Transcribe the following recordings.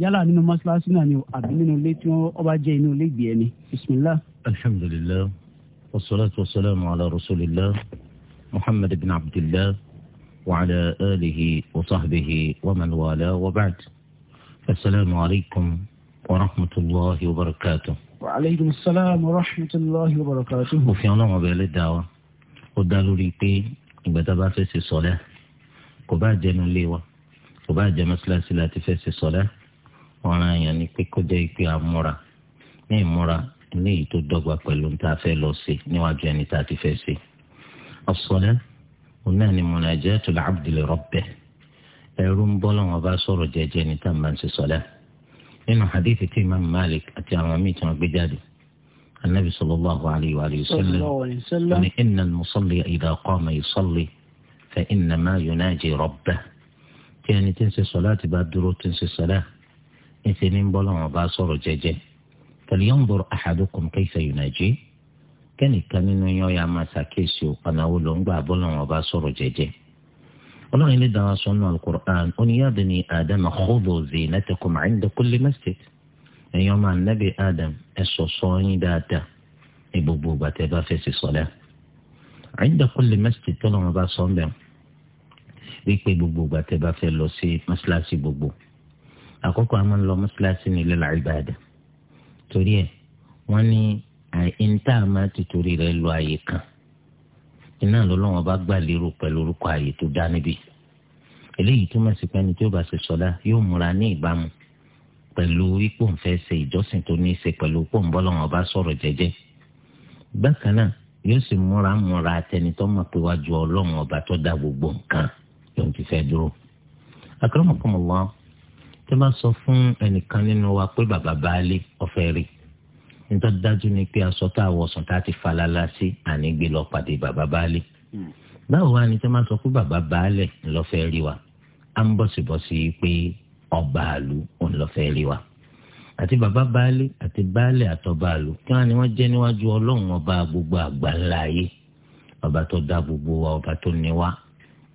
yálà nínú mọ́ṣáláṣí náà ni àbí nínú ilé tí wọ́n bá jẹ́ inú ilé ìgbé ẹni bisimilá. alhamdulilayi wasalaatu wasalaamu ala rasulillah muhammad ibn abdillah wa ala alihi wa sahbihi wa man wala wa ba'd asalaamu alaykum wa rahmatulahi wa barakatuh. wa aleykum salaam wa rahmatulahi wa barakatuh. òfin ọlọ́run ọbẹ̀ lè dá wa ó dá lórí pé ìgbà tá a bá fẹ́ ṣe sọ́lẹ̀ kò bá jẹnu lé wa kò bá jẹ mọ́ṣáláṣí láti fẹ́ ṣe sọ́lẹ̀. ọ̀ràn àyàn ni pé kó jẹ́ pé a múra ní ìmúra eléyìí tó dọ́gba pẹ̀lú ní tá a fẹ́ lọ sí níwájú ẹni tá a ti fẹ́ sí. ọ̀sọ̀lẹ́ òun náà ni munajatul abdi li rabbih ẹ̀rú ń bọ́ lọ́wọ́ bá sọ̀rọ̀ jẹ́jẹ́ ní tá a máa ń ṣe sọ̀lẹ́. nínú hadith tí imam malik àti àwọn míì tí wọ́n gbé jáde anabi sallallahu alayhi wa sallam wọ́n ní musalli idha qama ẹsẹ̀ ní bọ́lọ́wọ́n bá sọ̀rọ̀ jẹ́jẹ́ falyanzur ahadukum kayfa yunaji kẹ́nìkan nínú yẹn ọ̀yà máa ṣàkíyèsí ọ̀nà wo ló ń gbà bọ́lọ́wọ́n bá sọ̀rọ̀ jẹ́jẹ́ ọlọ́run ilé dáhà sọ́nù alukur'an ó ní ya bani adama khudhu zinatakum 'inda kulli masjid ẹ̀yin e ọmọ anabi adam ẹ ṣọ̀ṣọ́ yín dáadáa ní gbogbo ìgbà bá fẹ́ ṣe sọ́lá àkọ́kọ́ a máa ń lọ mọ́ṣáláṣí nílẹ̀ làrìbàdà torí ẹ̀ wọ́n ní àìntà máa ti torí rẹ̀ lọ àyè kan iná lọ́lọ́wọ́n bá gbà lérò pẹ̀lú orúkọ àyè tó dá níbí eléyìí túmọ̀ sí pé ẹni tí ó bá ṣe sọ́dá yóò múra ní ìbámu pẹ̀lú ipò ń fẹ́ ṣe ìjọsìn tó ní í ṣe pẹ̀lú pò ń bọ́ lọ́wọ́n bá sọ̀rọ̀ jẹ́jẹ́ bákan náà yóò sì múra múra atẹnitọ́ mọ̀ pé wájú ọlọ́run ọba tó dá gbogbo nǹkan lòun ti fẹ́ dúró. akọ́nàmọ́kọ́mọ́ wọn tó bá sọ fún ẹnìkan nínú wa pé bàbá baálé ọ̀fẹ́ rí nítorí ni pé aṣọ tá a wọ̀sùn tá a ti falala sí ànígbé lọ pàdé bàbá baálé hmm. báwo wá ni tó máa sọ pé bàbá baálẹ̀ ńlọ́fẹ́ rí wa á ń bọ̀sibọ̀si pé ọba àlù ńlọ́fẹ́ rí wa àti bàbá baálé àti baálé àtọba àlù kí wọn ni wọn jẹ níwájú ọlọ́run ọba gbogbo àgbà ńlá ayé ọba tó dá gbogbo wa ọba tó ní wa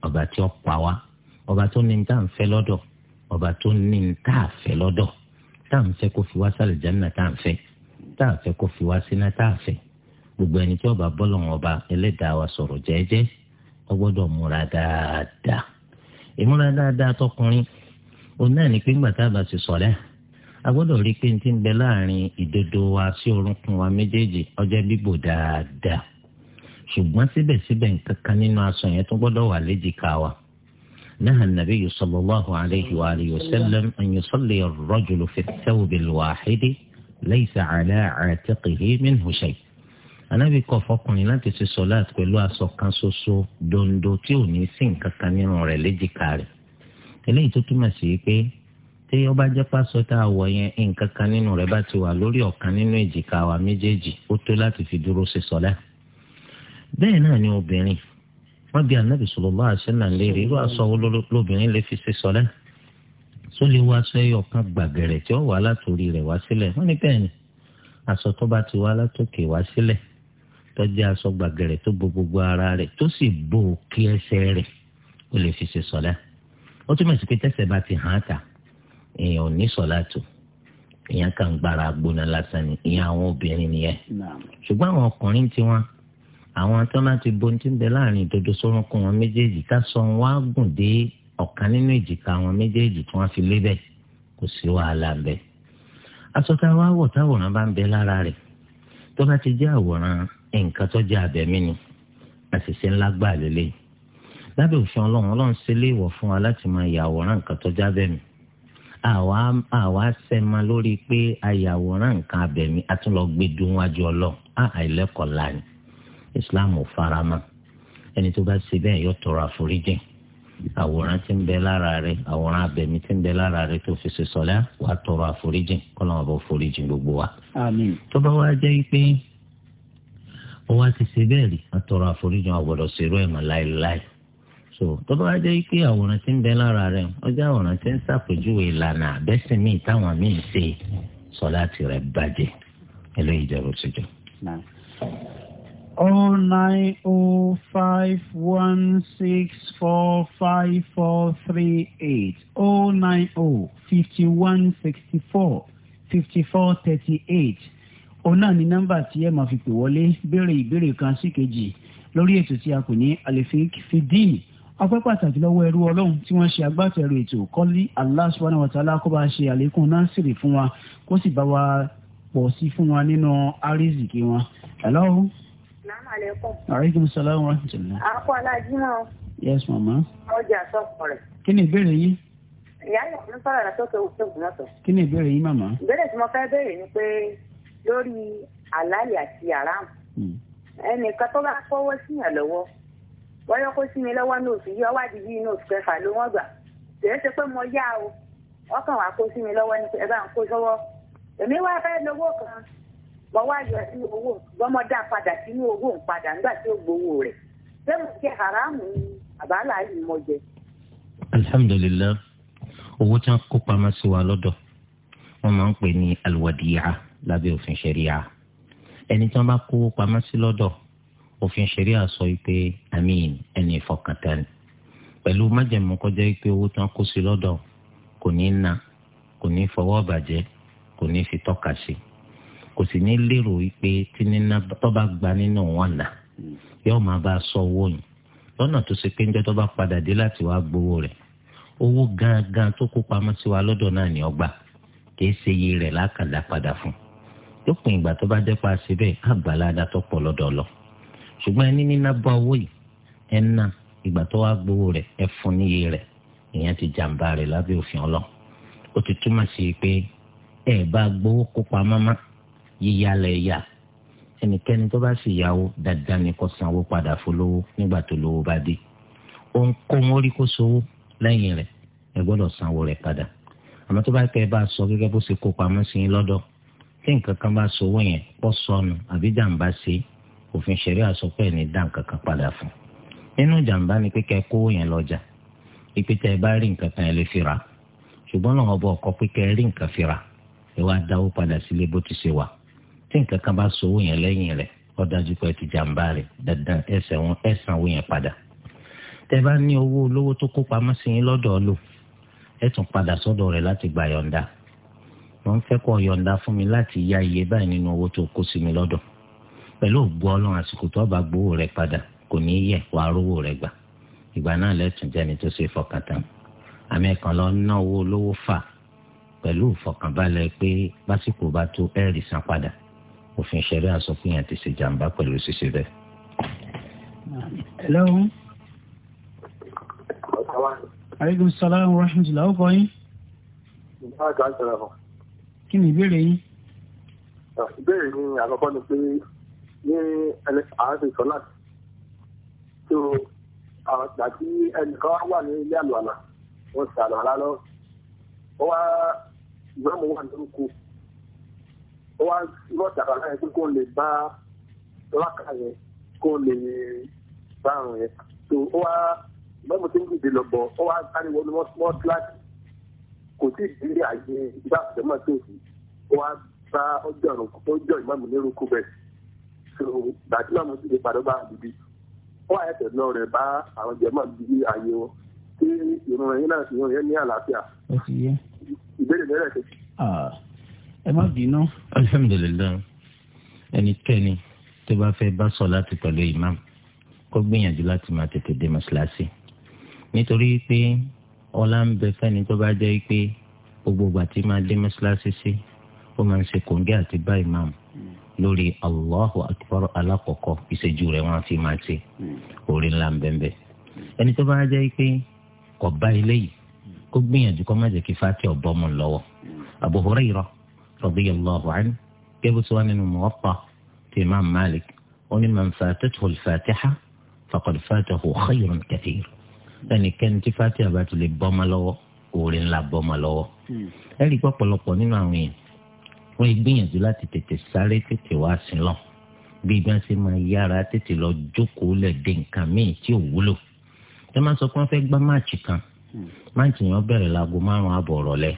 ọba tí ó pa wa ọba tó ní ní ọba tó ní ní tá a fẹ́ lọ́dọ̀ tá à ń fẹ́ kó fi wá sálẹ̀ jánà tá à ń fẹ́ tá à fẹ́ kó fi wá síná tá à fẹ́ gbogbo ẹni tí ọba bọ́lọ̀ wọn ọba ẹlẹ́dàá wa sọ̀rọ̀ jẹ́ẹ́jẹ́ ó gbọ́dọ̀ múra dáadáa ìmúra dáadáa tọkùnrin òun náà ní pé tá a bá ti sọ̀rẹ́ a rí pé n ti ń bẹ láàrin ìdodo wa sí orúnkún wa méjèèjì ọjọ́ bíbò dáadáa ṣùgbọ́n síbẹ̀síbẹ̀ nǹkan kan nínú aṣọ yẹn tó gbọ́dọ̀ wà léjìká wa. نهى النبي صلى الله عليه وآله وسلم أن يصلي الرجل في الثوب الواحد ليس على عاتقه منه شيء anabi kọ̀ fọkùnrin láti ṣe sọláàtì pẹ̀lú aṣọ kan ṣoṣo dondo tí ò ní sí nǹkan kan nínú rẹ̀ léjìká rẹ̀ eléyìí tó túmọ̀ sí pé tí ó bá jẹ́ pásọ tá a wọ̀ yẹn nǹkan kan nínú rẹ̀ bá ti wà lórí ọ̀kan nínú èjìká wa méjèèjì ó tó láti fi dúró ṣe sọláàtì bẹ́ẹ̀ náà ni obìnrin wọ́n bí anabi sallallahu alaihi wasallam léèrè irú aṣọ wo lóbìnrin lè fi ṣe sọlẹ tó lè wá aṣọ ẹyọ kan gbàgẹrẹ tí ó wà látòrí rẹ̀ wá sílẹ̀ wọ́n ní bẹ́ẹ̀ ni aṣọ tó bá ti wá látòkè wá sílẹ̀ tó jẹ́ aṣọ gbàgẹrẹ tó bo gbogbo ara rẹ̀ tó sì bo òkè ẹsẹ̀ rẹ̀ ó lè fi ṣe sọlẹ ó túmọ̀ sí pé tẹ́sẹ̀ bá ti hàn án ta èèyàn ò ní sọlá tó èèyàn kàn gbára gbóná lásán ni ìyẹn àwọn obìnrin nìyẹn ṣùgbọ́n àwọn ọkùnrin tiwọn àwọn tó máa ti bo ti ń bẹ láàrin ìdodo sórúnkún wọn méjèèjì ká sọ wọn á gùn dé ọ̀kan nínú ìjìká wọn méjèèjì tí wọ́n fi lébẹ̀ kò sí wàhálà ń bẹ. aṣọ tá a wá wọ̀ táwòrán bá ń bẹ lára rẹ̀ tó bá ti jẹ́ àwòrán nǹkan tó jẹ́ abẹ̀mí ni àṣìṣe ńlá gbà lélẹ̀ lábẹ́ òfin ọlọ́run ọlọ́run ṣe lé ìwọ̀ fún wa láti máa yàwòrán nǹkan tó jẹ́ abẹ̀mí àwa àwa sẹ́ma islam ò ẹni tó bá ṣe bẹ́ẹ̀ yóò tọrọ àforíjìn àwòrán ti ń bẹ lára rẹ àwòrán abẹmí ti ń bẹ lára rẹ tó fi ṣe wà tọrọ bọ foríjìn gbogbo wa. tó bá wá jẹ́ pé ó wá ti ṣe bẹ́ẹ̀ rí tọrọ so tó bá jẹ́ pé àwòrán ń bẹ lára rẹ ó jẹ́ àwòrán ń ìlànà oh nine oh five one six four five four three eight oh nine oh fifty one sixty four fifty four thirty eight òun náà ni nọ́mbà tí ẹ máa fi pè wọlé béèrè ìbéèrè kan sí kejì lórí ètò tí a kò ní alefik fidin ọpẹ́ pàtàkì lọ́wọ́ ẹrú Ọlọ́run tí wọ́n ṣe agbátẹrù ètò kọlí Allah subhanahu wa ta'ala kó bá ṣe àlékún násìrì fún wa kó sì bá wa pọ̀ sí fún wa nínú àrísìkí wọn. hello aleykum salaam wa rahmatulah. àkọ́ alájúmọ́. yes mama. ọjà sọ̀kọ̀ rẹ̀. kí ni ìbéèrè yín. ìyá yóò fún sọ̀rọ̀ rẹ̀ sókè òṣèlú náà sọ. kí ni ìbéèrè yín màmá. ìbéèrè tí mo fẹ́ béèrè ni pé lórí àlàyé àti àràmù. Hmm. ẹnìkan tó bá fọwọ́ síyàn lọ́wọ́ wọ́yọ́ kó sí mi lọ́wọ́ nóòtù yìí ọwọ́ àdìyí nóòtù kẹfà ló wọ́n gbà tèmi ṣe pé mo yá o ọkàn wà kó sí mi lọ́wọ́ ní ẹ bá ń kó sọ́wọ́ èmi wá fẹ́ wọ́n wá yọ sí owó gbọ́mọ dá padà sínú owó ń padà nígbà tí ó gbowó rẹ̀ ṣé mo jẹ haramu ni àbálà yìí mo jẹ. alhamdulilayi owó tí wọn kó pamọ́ sí wa lọ́dọ̀ wọ́n máa ń pè ní alwadiya lábẹ́ òfin ṣẹ̀ríya ẹni tí wọ́n bá kó pamọ́ sí lọ́dọ̀ òfin ṣẹ̀ríya sọ pé àmín ẹni ìfọkàntán pẹ̀lú májẹ̀mú kọjá pé owó tí wọ́n kó sí lọ́dọ̀ kò ní na kò ní fọwọ́ bàjẹ́ kò ní fi tọ́ka sí i kò sì ní lérò wípé tí níná tó bá gba nínú wọn nà yóò máa bá a sọ owó yìí lọ́nà tó ṣe pé ń jẹ́ tó padà dé láti wá gbowó rẹ̀ owó gangan tó kó pamọ́ sí wa lọ́dọ̀ náà ni ọgbà kì í ṣe iye rẹ̀ lákàndá padà fún lópin ìgbà tó bá dẹ́pa ṣe bẹ́ẹ̀ àgbàládá tó pọ̀ lọ́dọ̀ lọ ṣùgbọ́n ẹni níná bá owó yìí ẹ̀ ń ná ìgbà tó wá gbowó rẹ̀ ẹ̀ fún níye rẹ̀ ìyẹn ti jàǹbá rẹ̀ lábẹ́ òfin ọlọ́ ó ti túmọ̀ sí i pé ẹ̀ bá gbowó kó pamọ́ mọ́ yíyá lẹ̀ yá ẹnikẹ́ni tó bá sì yáwó dandan ni kó sanwó padà fọlọ́wọ́ nígbà tó lówó bá dé òun kó wọn rí kó sowó lẹ́yìn rẹ̀ ẹ gbọ́dọ̀ sanwó rẹ̀ padà àmọ́ tó bá kẹ́ ẹ bá sọ gẹ́gẹ́ bó ṣe kó pamọ́ sí i lọ́dọ̀ tí nǹkan kan bá sowó yẹn pọ́ sọnù àbí jàǹbá ṣe òfin ṣẹ̀rí àsọpẹ́ ní dá nǹkan kan padà fún nínú jàǹbá ni pé kẹ́ ẹ kówó yẹn lọ́jà ìpètè ẹ bá rí nǹkan kan ẹ lè fi rà ṣùgbọ́n náà tí nǹkan kan bá sọ owó yẹn lẹ́yìn rẹ̀ ó dájú pé ti jàǹbá rẹ̀ dandan ẹsẹ̀ wọn ẹ̀sán owó yẹn padà tẹ́ bá ní owó olówó tó kó pamọ́ sí yín lọ́dọ̀ ọ lò ẹ tún padà sọ́dọ̀ rẹ̀ láti gba yọ̀ǹda wọ́n fẹ́ kó yọ̀ǹda fún mi láti ya iye báyìí nínú owó tó kó sí mi lọ́dọ̀ pẹ̀lú ògbó ọlọ́run àsìkò tó bá gbowó rẹ̀ padà kò ní yẹ wàá rówó rẹ̀ gbà ìgbà náà lẹ́tùn jẹ́ni tó ṣe fọkàntán àmì ẹ̀kan lọ ná owó olówó fà pẹ̀lú ìfọkànbalẹ̀ pé básìkò bá tó ẹ̀rì san padà òfin ṣẹlẹ àṣọ pé yẹn ti ṣe jàǹbá pẹ̀lú ṣíṣe bẹ́ẹ̀. hello. aleykum salaam wa rahmatulah ọkọ yín. ìbára kan sọ̀rọ̀ fún. kí ni ìbéèrè yín. ìbéèrè mi àkọ́kọ́ ni pé ní àwọn ti sọ láti tó àgbà tí ẹnìkan wà ní ilé àlọ́ àná wọ́n ṣàlọ́ àlá lọ wọ́n wá ìgbọ́n mo wà lórúkọ ó wá rọ̀ jàkàlà yẹn pé kó lè bá lákà yẹn kó lè bá àrùn yẹn tó ó wá lọ́mọ tó ń dìde lọ bọ̀ ó wá sáré wọnú mọ́tíláàtì kò tí ì délé àyè ìgbà àjẹmọ́ tó fi ó wá bá ọjọ́ ọjọ́ ìmọ̀mù ní rúkú bẹ́ẹ̀ so gbàtí màmú ti lè padà bá àdìbí ó wà ẹ̀sẹ̀ náà rẹ̀ bá àwọn jẹ̀mọ́ bíi àyè wọn tí ìrùn ẹ̀yìn náà ti yàn yẹn ní àlàáfíà ìbéèrè mẹ́rẹ̀ẹ́sẹ̀ ẹ má bínú. alhamdulilayi ẹnikẹ́ni tó bá fẹ́ bá sọ láti pẹ̀lú imam kó gbìyànjú láti máa tètè dé mọ́ṣáláṣí nítorí pé ọlá ń bẹ fẹ́ni tó bá jẹ́ pé gbogbo ìgbà tí máa dé mọ́ṣáláṣí sí ó máa ń ṣe kòǹgẹ́ àti bá imam lórí allahu akbar alákọ̀ọ́kọ́ ìṣẹ́jú rẹ̀ wọ́n á fi máa ṣe orí ńlá ń bẹ́ẹ̀ ẹni tó bá jẹ́ pé kò bá eléyìí kó gbìyànjú kó má jẹ́ kí fati ọ̀bọ lọ́wọ́ Abu Hurairah radiyallahu anhu kébù tí wọ́n nínú Muwatta ti Imam Malik ó ní man fatathu al-Fatiha faqad fatahu khayrun kathir ẹnikẹ́ni tí Fatiha bá ti lè bọ́mọ lọ́wọ́ oore ńlá bọ́mọ lọ́wọ́ hmm. ẹ̀rí pọ̀pọ̀lọpọ̀ nínú àwọn èèyàn wọ́n gbìyànjú láti tètè sáré tètè wá sí lọ bí gbọ́n ṣe máa yára tètè lọ jókòó lẹ̀ dé nǹkan míì tí ò wúlò ẹ máa sọ pé wọ́n fẹ́ gbá máàcì kan hmm. máàcì yẹn bẹ̀rẹ̀ láago márùn-ún àbọ̀ rọ̀lẹ́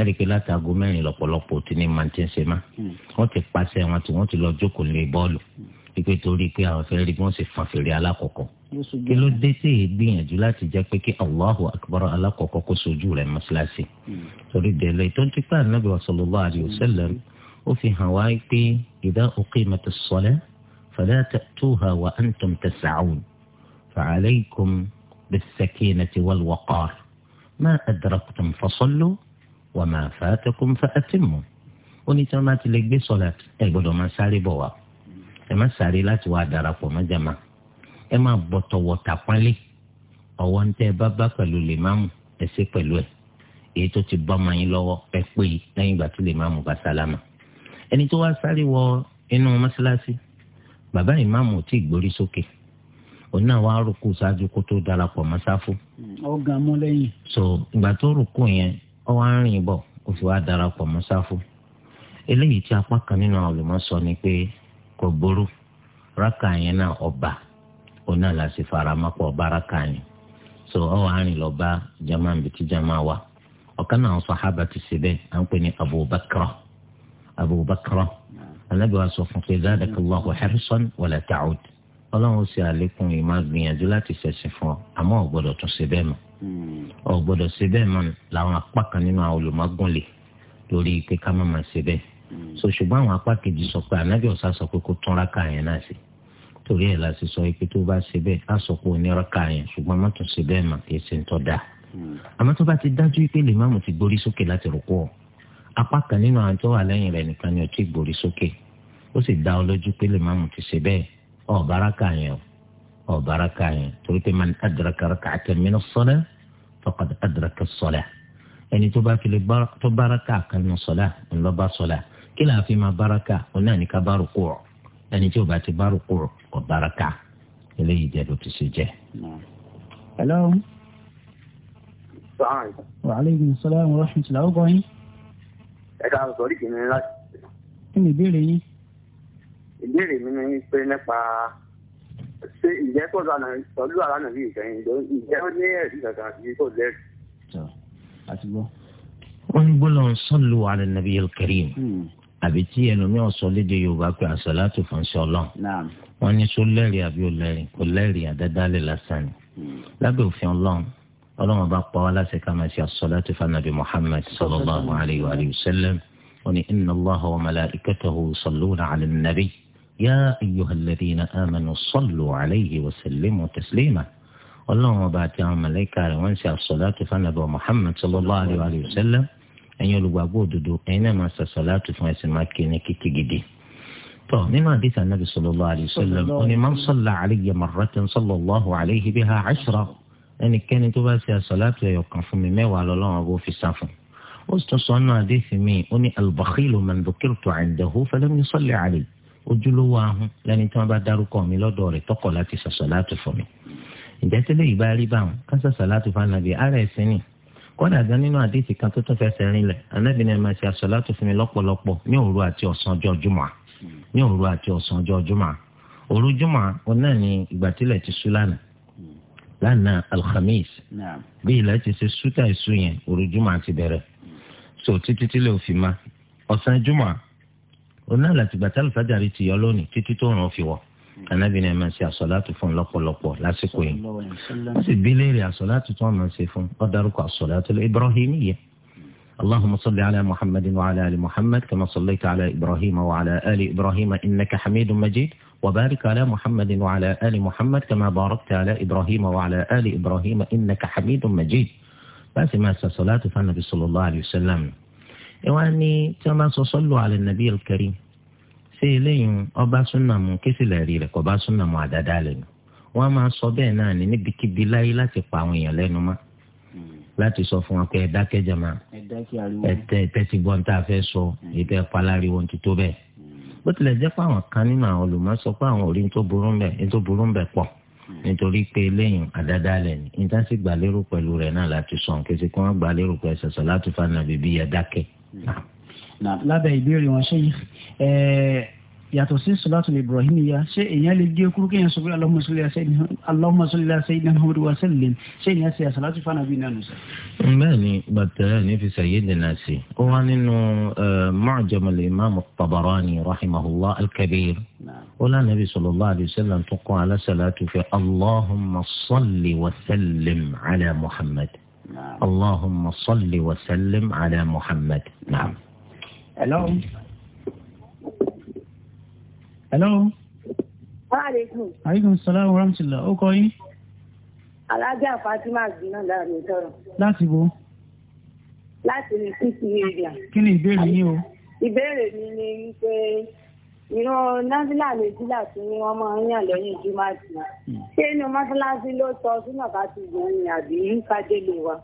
ẹ̀ríkì látago mẹ́rin lọ́pọ̀lọpọ̀ tí ní máa ti ń ṣe má hmm. wọ́n ti pàṣẹ wọn tí wọ́n ti lọ jókòó lé bọ́ọ̀lù pípé hmm. torí pé àwọn fẹ́ rí bí wọ́n ṣe fan fèrè alákọ̀ọ́kọ́ kí ló dé sí ìgbìyànjú láti jẹ́ pé kí Allahu akbar alákọ̀ọ́kọ́ kó sojú rẹ̀ mọ́ṣáláṣí hmm. torí délé tó ń tipa Ànábì sallallahu alaihi wasallam ó fi hàn wá pé idha uqimatis salah fala ta'tuha wa antum tas'un fa alaykum bis sakinati wal waqar ma adraktum fasallu wa ma fatakum fa atimmu ó ní tí wọ́n bá ti lè gbé sọ̀lá ẹ gbọ́dọ̀ máa sáré bọ̀ wá ẹ má sáré láti wá darapọ̀ mọ́ jàmá ẹ má bọ̀ tọ̀wọ̀ tàpọ́nlé ọ̀wọ́ ń tẹ́ ẹ bá bá pẹ̀lú lè máàmù ẹ ṣe pẹ̀lú ẹ̀ èyí tó ti bọ́ ọmọ yín lọ́wọ́ ẹ pé lẹ́yìn ìgbà tó lè bá sálámà ẹni tó wá sáré wọ inú mọ́ṣáláṣí bàbá ìmáàmù ò gbórí sókè òun náà wá rúkú ṣáájú kó tó darapọ̀ mọ́ṣáfù. ọ̀gá mọ́lẹ́yìn. so ìgbà tó rúkú yẹn ọwọ́ arìnrìn bọ̀ ó fi wá darapọ̀ mọ́ sáfù eléyìí tí apá kan nínú àwọn olùmọ̀ sọ ni pé kò burú rákà yẹn ọba òun náà láti faramọ́pọ̀ ọba rákà yẹn so ọwọ́ arìnrìn lọ bá jama wà ọ̀kan náà sàhábà ti ṣe bẹ́ẹ̀ à ń pè ní Abubakar Abubakar wa sọ fún wala ta'ud ọlọ́run ó ṣe àlékún ìmọ̀ gbìyànjú láti fún ọ àmọ́ tún ṣe bẹ́ẹ̀ mọ́ ọ gbọ́dọ̀ ṣe bẹ́ẹ̀ mọ làwọn apá kan nínú àwọn olùmọgúnlẹ lórí pé ká má má ṣe bẹ́ẹ̀ so ṣùgbọ́n àwọn apá kejì sọ pé ànábì ọ̀sà sọ pé kó tún rákà yẹn náà sí torí ẹ̀ la sì sọ pé tó bá ṣe bẹ́ẹ̀ á sọ pé onírọ́kà yẹn ṣùgbọ́n má tún ṣe bẹ́ẹ̀ mà ṣe ń tọ́ da àmọ́ tó bá ti dájú pé lèmáàmù ti gbórí sókè láti rúkú ọ apá kan nínú àwọn tó wà lẹ́yìn rẹ̀ nìkan ni ó ti gbórí sókè ó sì dá ọ lójú pé lèmáàmù ti ṣe bẹ́ẹ̀ bá rákà yẹn o ọ̀báraka yẹn torí pé man adraka rak'atan minas salah faqad adraka as-salah ẹni tó bá fi lè tó báraka kan nínú sọ́lá ńlọ́ba sọ́lá kí làá fi máa báraka òun náà ní ẹni tí ò bá ti bá rúkú ọ̀ kọ̀ báraka eléyìí jẹ́ ló ti ṣe jẹ́. hello. sàlámù. wa aleykum salaam wa rahmatulah ọkọ yín. ẹ káàárọ̀ sọ̀rí kìnìún láti. kí ni ìbéèrè yín. ìbéèrè mi ni pé nípa ṣé ìjẹ́ kò lànà pẹ̀lú àlànà bíi ìkẹyìn ló ìjẹ́ ó ní ẹ̀rí kankan àti kò lẹ́rìí. wọ́n ní gbólóhùn sallu ala nabiyil karim hmm. àbí tí ẹlòmíràn sọ léde yorùbá pé àṣàlátù fún ṣe ọlọ́run wọ́n ní sọ lẹ́rìí àbí ò lẹ́rìí kò lẹ́rìí àdádálẹ̀ lásán ni hmm. lábẹ́ òfin ọlọ́run ọlọ́run bá pa wá láti ká máa ṣe àṣàlátù fún anabi muhammad sallallahu alayhi wa sallam wọ́n ní inna allaha wa malaikatahu yusalluna ala nabi. يا أيها الذين آمنوا صلوا عليه وسلموا تسليما ọlọ́run ọba àti àwọn mọ̀lẹ́kà rẹ̀ wọ́n ń ṣe àṣọlátù fanabu muhammed sallallahu alayhi wa alayhi wa sallam ẹ̀yin olùgbàgbọ́ òdodo ẹ̀yin náà máa ṣàṣọlátù fún ẹ̀sìn máa kí ní kíkí gidi. tọ́ nínú àdìsá nàbì sallallahu alayhi wa sallam ọ̀ni máa ń sọ̀lá àlẹ́yẹ mọ̀rọ́tẹ̀ sallallahu alayhi biha ashra ẹnikẹ́ni tó bá ṣe àṣọlátù ẹ̀yọ̀ kan fún mi mẹ́wàá lọ́lọ́run ọba òfin sá fún ó sì tún sọ ọ́nà àdìsí mi ó ní albakhilu man dhukirtu indahu falam yusalli alayhi ojúlówó ahun lẹ́ni tí wọ́n bá dárúkọ mi lọ́dọ̀ rẹ̀ tọkọ̀ láti sọ̀sọ̀ láti fún mi ǹjẹ́ tẹ́lẹ̀ yìí bá rí báwọn káṣá sàlátù fún anabi ara ẹ̀sìn ni kọ́dà gan nínú àdéhìí kan tó tún fẹsẹ̀ rinlẹ̀ anabi náà máa ṣe àsọ̀látù fún mi lọ́pọ̀lọpọ̀ ní òru àti ọ̀sán ọjọ́ jùmọ̀ ní òru àti ọ̀sán ọjọ́ jùmọ̀ òru jùmọ̀ òun náà ni ìgbà tílẹ̀ ti sú lánàá lánàá alhamis bí ilẹ̀ ti ṣe sútà ìsú yẹn òru jùmọ̀ ti bẹ̀rẹ̀ so títí tílẹ̀ òfin ma ọ̀sán jùmọ̀ ona náà láti gbàtà alùfájàrí ti yọ lónìí títí tó ràn fi wọ̀ anabi ni ẹ máa ṣe àsọlátù fún lọ́pọ̀lọpọ̀ lásìkò yìí ó sì bí léèrè àsọlátù tó ma ṣe fún ọ dárúkọ àsọlátù ibrahimiyya اللهم صل على محمد وعلى ال محمد كما صليت على ابراهيم وعلى ال ابراهيم انك حميد مجيد وبارك على محمد وعلى ال محمد كما باركت على ابراهيم وعلى ال ابراهيم انك حميد مجيد بس ما صلاه فالنبي صلى الله عليه وسلم ẹ wá ní tí wọ́n bá sọ sọ́lù alẹ́ nàbí ẹ̀kẹ́rì ṣé eléyìí ọba súnà mu késìlẹ̀ rí rẹ̀ kọ́ bá súnà mu àdáda lẹ́nu wọ́n á máa sọ bẹ́ẹ̀ náà ní níbikíbi láyé láti pa àwọn èèyàn lẹ́nu mọ́ láti sọ fún wọn pé ẹ dákẹ́ jàmá ẹ tẹ́tí gbọ́n tá a fẹ́ sọ èyí hmm. paláriwo ti tó bẹ́ẹ̀ hmm. bó tilẹ̀ jẹ́ pé àwọn kan nínú àwọn olùmọ̀ pé àwọn orí tó burú ń tó burú ń pọ̀ hmm. nítorí pé eléyìí àdáda lẹ̀ ní níta sì gbà pẹ̀lú rẹ̀ náà láti sọ kí ẹ sì kí wọ́n gbà pẹ̀lú ẹ̀sẹ̀ sọ láti fa nàbí ẹ dákẹ́ lábẹ́ ìbéèrè wọn ṣe yàtọ̀ sí sọlátù ibrahim ya ṣé èèyàn lè gé kúrú kéèyàn sọ pé allahumma salli ala sayyidina muhammad wa sallim ṣé èèyàn ṣe àṣàlátù fún ànábì náà nùsọ. bẹ́ẹ̀ ni bàtẹ́rẹ́ ní fi sayyidina sí i ó wá nínú mu'jam al-imam at-tabarani rahimahullah al-kabir ó lánàbí sallallahu alayhi wa sallam tó kọ́ alásàlátù fẹ́ allahumma salli wa sallim Allahumma salli wa sallim ala Muhammad. Naam. Hello. Hello. Waaleykum. Aleykum salaam wa rahmatulah. Ó kọ́ yín. Alájà Fatima Gbinna láàrin ìtọ́rọ̀. Láti bo. Láti ní Kíkì Kí ni ìbéèrè yín o? Ìbéèrè mi ni wípé ìran násílà méjìlá tí ni wọn máa ń yàn lẹ́yìn jùmọ̀tì hmm. ṣé inú mọ́ṣáláṣí ló sọ sínú ọ̀ká ti gbọ̀n ni àbí kájé lè wa.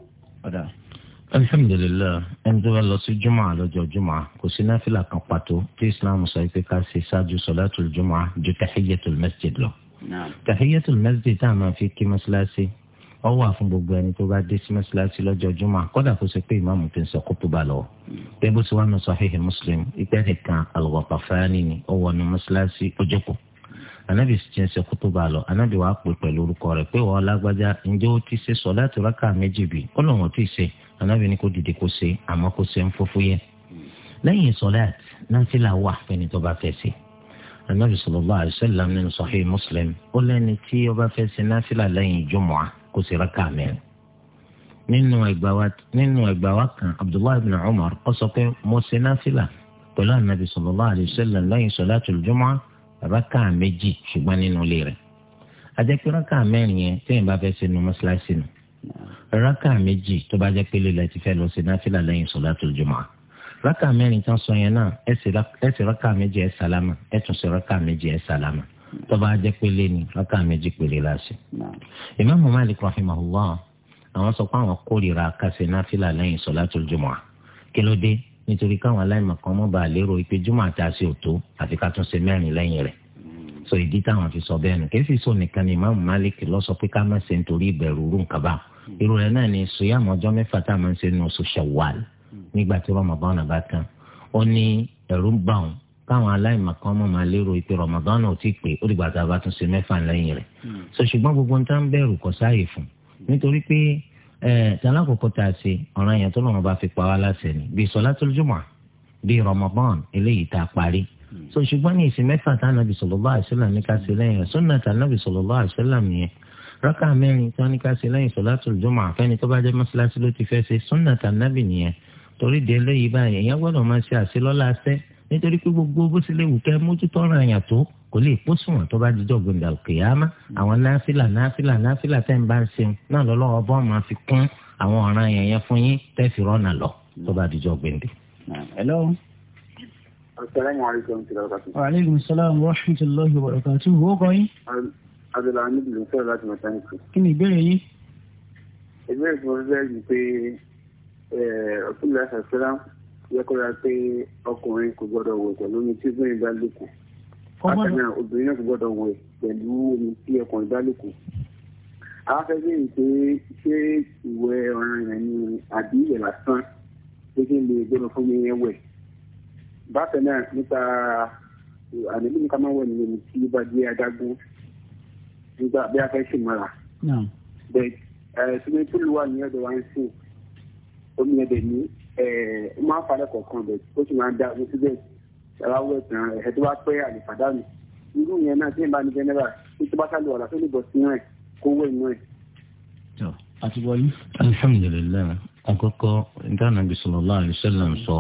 alhamdulilayi ẹni tó bá lọ sí jùmọ̀ àlọ́jọ́ jùmọ̀ kò sí náfìlà kan pàtó tí islam sọ pé ká ṣe ṣáájú sọ̀látùl jùmọ̀ ju tahiyatul masjid lọ. tahiyatul masjid tá a máa fi kí mọ́ṣáláṣí ọ wà fún gbogbo ẹni tó bá dé sí mọ́ṣáláṣí lọ́jọ́ jùmọ̀ kọ́dà kó ṣe pé ìmáàmù tó ń sọ kó tó bá lọ. bẹ́ẹ̀ hmm. bó ti wá nù Sahih Muslim ìgbà nìkan Al-Ghatafani ni ó wọnú mọ́ṣáláṣí ó jókòó anabi ti ń ṣe kútúbà lọ anabi wàá pè pẹ̀lú orúkọ rẹ̀ pé wọ́n lágbájá ǹjẹ́ ó ti ṣe sọ láti rákà méjì bí ó lọ́wọ́ ti ṣe anabi ni kò dìde kó ṣe àmọ́ kó ṣe ń fúfú yẹ. lẹ́yìn sọ́láàt kó sì rákà mẹ́rin nínú ẹgbà wa kan abdullahi ibn umar ó sọ pé mo ṣe náfìlà pẹ̀lú anabi sallallahu alayhi wa sallam lẹ́yìn salatul jumu'ah rákà méjì ṣùgbọ́n nínú ilé rẹ̀ ajẹ́pẹ́ rákà mẹ́rin yẹn tẹ́yìn bá fẹ́ sínú mọ́ṣáláṣí nù rákà méjì tó bá jẹ́ pé lílẹ̀ ti fẹ́ lọ ṣe náfìlà lẹ́yìn salatul jumu'ah rákà mẹ́rin tán sọ yẹn náà ẹ ṣe rákà méjì ẹ tọ́ba jẹ́ pélé ni rákà méjì péré láṣẹ. ìmáàmù Malik rahimahullah àwọn sọ pé àwọn kórìíra kásẹ̀ náfìlà lẹ́yìn sọ̀látul jumu'ah kí ló dé nítorí káwọn aláìmọ̀ kan mọ́ bá a lérò pé jùmọ̀ àti àṣẹ òtó àfi ká tún ṣe mẹ́rin lẹ́yìn rẹ̀ so ìdí táwọn fi sọ bẹ́ẹ̀ nù kéfì sọ nìkan ni ìmáàmù Malik lọ sọ pé ká má ṣe nítorí ìbẹ̀rù rú nǹkan bá hmm. irú rẹ̀ náà ni sùyàmù ọjọ́ mẹ́fà tá máa ń ṣe nù oṣù Shawwal hmm. nígbà tí Ramadan bá tán ó ní ẹ̀rù ń bà òun káwọn aláìmọ̀kan ọmọ máa lérò pé Ramadan náà ti pè ó dìgbà tá a bá tún ṣe mẹ́fà lẹ́yìn rẹ̀ hmm. so ṣùgbọ́n gbogbo nǹkan ń bẹ̀rù kọ sáàyè fún hmm. nítorí pé tàlákòókò tá a ṣe ọ̀ràn yẹn tó lọ́wọ́ bá fi pa wá láṣẹ ni bíi Salatul Jumu'ah bíi Ramadan eléyìí tá a parí hmm. so ṣùgbọ́n ní ìsìn mẹ́fà tá ànábì sallallahu alaihi wasallam ní ká ṣe lẹ́yìn rẹ̀ sunna nítorí pé gbogbo bó ṣe lè wù kẹ́ mójútó ọ̀ràn àyàn tó kò lè kó sùnwọ̀n tó bá jíjọ́ gbẹ̀ngà kìyàmá àwọn náfìlà náfìlà náfìlà tẹ́ ń bá ń ṣe náà lọ́lọ́wọ́ bọ́ máa fi kún àwọn ọ̀ràn àyàn yẹn fún yín tẹ́ fi rọ́nà lọ tó bá jíjọ́ gbẹ̀ngà. hello. aleykum salaam wa rahmatulahi wa barakatuhu wo kọ́ yín. abdullahi hamidu ló ń sọ̀rọ̀ láti mọ̀tánìkì. kí ni ìbéèrè yín. ìbéèrè tí mo fẹ́ yẹ́kọ̀ọ́ra pé ọkùnrin kò gbọ́dọ̀ wẹ̀ pẹ̀lú omi tí obìnrin bá lòkù. bákan náà obìnrin náà kò gbọ́dọ̀ wẹ̀ pẹ̀lú omi tí ọkùnrin bá lòkù. afẹ́ bẹ́ẹ̀ pé ṣé ìwẹ̀ ọ̀ràn yẹn ni àbí ìwẹ̀ lásán pé kí n lè gbọ́dọ̀ fún mi yẹn wẹ̀. bákan náà nípa àdébí ní ká máa wẹ̀ nínú tí ó bá jẹ́ adágún nígbà bí a fẹ́ ṣe mọ́ra. bẹ́ẹ̀ ẹ̀ ó máa ń falẹ̀ kọ̀ọ̀kan bẹ̀ ó sì máa ń dá ojú síbẹ̀ ṣàlàwọ̀ ẹ̀sìn ẹ̀ tó bá pẹ́ àlèfàdánù irú yẹn náà tí ń bá ní jẹ́nẹ́rà tó bá sálò ọ̀la tó lè bọ̀ sínú ẹ̀ kó wọ inú ẹ̀. àti wọlé. alhamdulilayi àkọ́kọ́ ntaana bisalòlá alayhisalaam sọ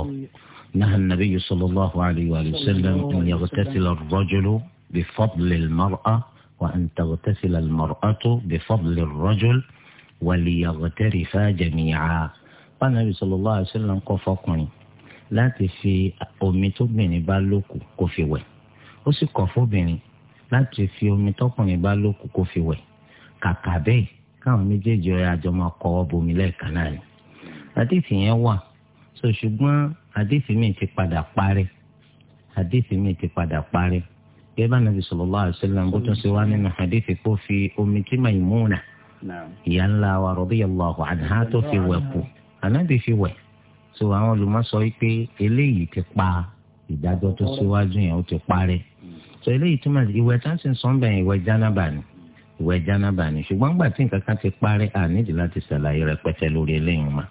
nahan nabiyyu sallallahu alayhi wa sallam an yaghtasila ar-rajulu bi fadli al-mar'a wa an taghtasila al-mar'atu bi fadli ar-rajul wa liyaghtarifaa jamii'a. pànàbí sallallahu alaihi wasallam kọ́ fọkùnrin láti fi omi tóbìnrin bá lókù kó fi wẹ̀ ó sì kọ̀ fóbìnrin láti fi omi tọkùnrin bá lókù kó fi wẹ̀ kàkà bẹ́ẹ̀ káwọn méjèèjì ọ̀rẹ́ àjọ máa kọ́ ọ náà ni àdéhìí yẹn wà so ṣùgbọ́n àdéhìí mi ti padà parí àdéhìí mi ti padà parí gẹ́gẹ́ bá nàbì sallallahu alaihi wasallam bó tún ṣe wá nínú àdéhìí kó fi omi tí Maimuna ìyá ńlá wa radiyallahu anha tó fi wẹ̀ kù ànábì fi wẹ̀ so àwọn olùmọ̀sọ wípé eléyìí ti pa ìdájọ́ tó síwájú yẹn ó ti parẹ́ so eléyìí túmọ̀ sí ìwẹ̀ tí wọ́n ti ń sọ bẹ́ẹ̀ ìwẹ̀ jánábà ni ìwẹ̀ jánábà ni ṣùgbọ́n nígbà tí nǹkan kan ti parẹ́ àníjì láti ṣàlàyé rẹpẹtẹ lórí eléyìí mà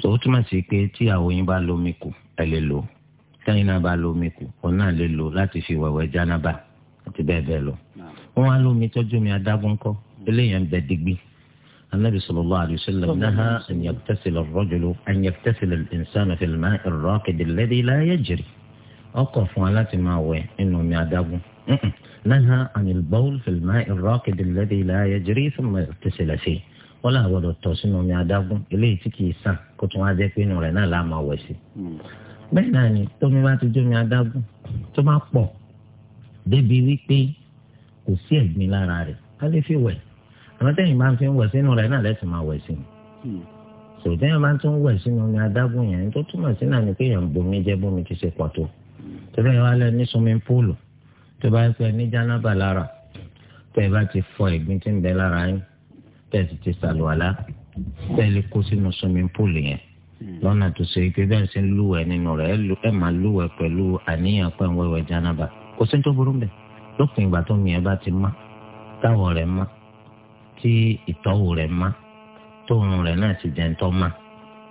so ó túmọ̀ sí pé tí àwọn yín bá lómi kù ẹ lè lò tẹ́yìn náà bá lómi kù òun náà lè lò láti fi wẹ̀wẹ̀ jánábà àti bẹ́ẹ̀ bẹ́ẹ̀ lọ wọ́n á lómi tọ́jú mi adágún kọ́ eléyìí ń bẹ digbí النبي صلى الله عليه وسلم نهى أن يغتسل الرجل أن يغتسل الإنسان في الماء الراكد الذي لا يجري أقف ولا تماوي إنهم يعدبوا نهى عن البول في الماء الراكد الذي لا يجري ثم يغتسل فيه ولا هو التوس إنهم يعدبوا إليه تكي سان كنت وعدك إنه لنا لا ما وسي بيناني تومي ما تجوم يعدبوا توما أقبو débi wípé kò sí ẹ̀gbin lára rẹ̀ àmọ́ tẹ́yìn máa ń fi wẹ̀ sínú rẹ̀ náà lẹ́sìn máa wẹ̀ sí i hmm. sọ tẹ́yìn máa tún wẹ̀ sínú ní adágún yẹn tó túmọ̀ sí náà ni pé èèyàn bomi jẹ́ bomi ti ṣe pàtó tẹ́lẹ̀ wà lẹ́ ní swimming pool tó bá ń pẹ́ ní jánábà lára tẹ́ ẹ bá ti fọ ìgbín tí ń bẹ lára yín tẹ́ ẹ sì ti sàlùwàlá tẹ́ ẹ lè kó sínú swimming pool yẹn hmm. lọ́nà tó ṣe pé bẹ́ẹ̀ sì ń lúwẹ̀ nínú rẹ̀ ẹ máa lúwẹ̀ pẹ̀lú àníyàn pẹ́ ń wẹ̀wẹ̀ jánábà kò sí tó burú bẹ́ẹ̀ lópin ìgbà tó mi ẹ bá ti mọ́ táwọ̀ rẹ̀ mọ́ tí ìtọ́wò rẹ̀ má tóun rẹ̀ náà sì jẹ́ ńtọ́ má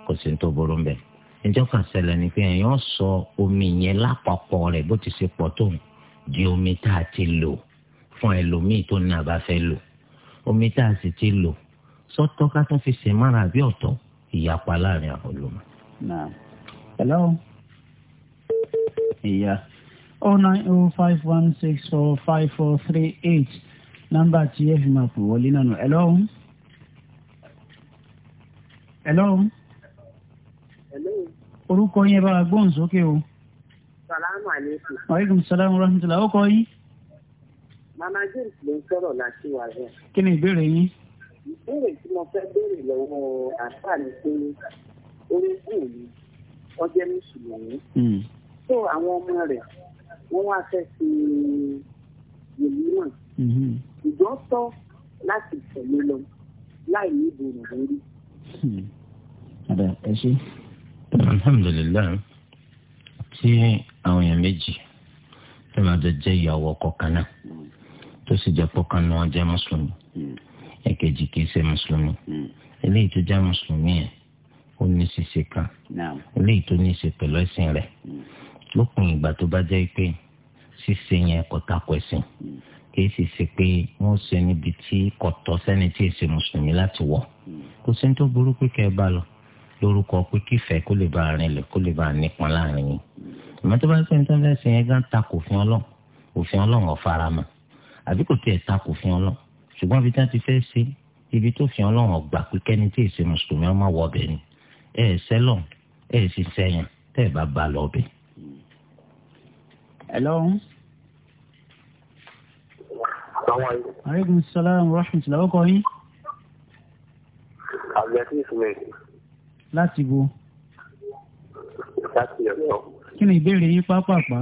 kò sí tó burú ń bẹ̀. ìjọ kan ṣẹlẹ̀ ni pé èèyàn sọ omi yẹn lápapọ̀ rẹ̀ bó ti ṣe pọ̀ tóun di omi tá a ti lò fún ẹlòmíì tó ní àbá fẹ́ lò omi tá a sì ti lò sọ́tọ̀ ká tún fi ṣe mára àbí ọ̀tọ̀ ìyapa láàrin àwọn ìyá oh nine oh five nọ́mbà tí ẹ fi máa pè wọlé náà nù hello hello orúkọ yẹn bá gbóhùn sókè o. salaamu aleykum. aleykum salaam wa rahmatulah ó kọ yín. mama james ló ń sọ̀rọ̀ láti wà rẹ̀. kí ni ìbéèrè yín. ìbéèrè tí mo fẹ́ béèrè lọ́wọ́ àṣà ni pé orí kùn mi ọjọ́ mùsùlùmí. tó hmm. àwọn ọmọ rẹ̀ wọ́n wá fẹ́ fi ìlú náà ṣùgbọ́n tọ́ láti tẹ̀lé lọ láì ní ìbòrò lórí. Hmm. ẹ ṣe. alhamdulilayi tí àwọn èèyàn méjì tó máa jọ jẹ́ ìyàwó ọkọ kan náà tó sì jẹ́ pọ́kàn náà jẹ́ mùsùlùmí hmm. ẹ̀kejì kìí ṣe mùsùlùmí hmm. eléyìí tó jẹ́ mùsùlùmí yẹn ó ní ṣíṣe kan eléyìí tó ní ṣe pẹ̀lú ẹ̀sìn rẹ̀ lópin ìgbà tó bá jẹ́ pé ṣíṣe yẹn kò takò ẹ̀sìn kìí sì ṣe pé wọ́n ṣe níbi tí kò tọ́ sẹ́ni tí èsì mùsùlùmí láti wọ̀ kò sí ní tó burú pé kẹ́ ẹ bá lọ lórúkọ pé kífẹ́ kó lè bá rìn lè kó lè bá nípọn láàrin yìí àmọ́ tó bá ń pè ní tẹ́lẹ̀ ṣe yẹn gan takò òfin ọlọ́run òfin ọlọ́run ọ̀fara mọ́ àbí kò tiẹ̀ takò òfin ọlọ́run ṣùgbọ́n ibi tí wọ́n ti fẹ́ ṣe ibi tó fi ọlọ́run ọ̀gbà pé kẹ́ni tí èsì mùsùlùmí ọmọ wọ ọbẹ̀ ni ẹ̀ ẹ̀ sẹ́lọ̀n ẹ̀ ẹ̀ sì sẹ́yìn tẹ́ ẹ̀ bá ba lọ ọbẹ̀. ẹ lọ́rùn aleykum salaam wa rahmatulah ọkọ yín. abdulaziz ismail. láti bo. láti ọ̀yọ́. kí ni ìbéèrè yín pápápá.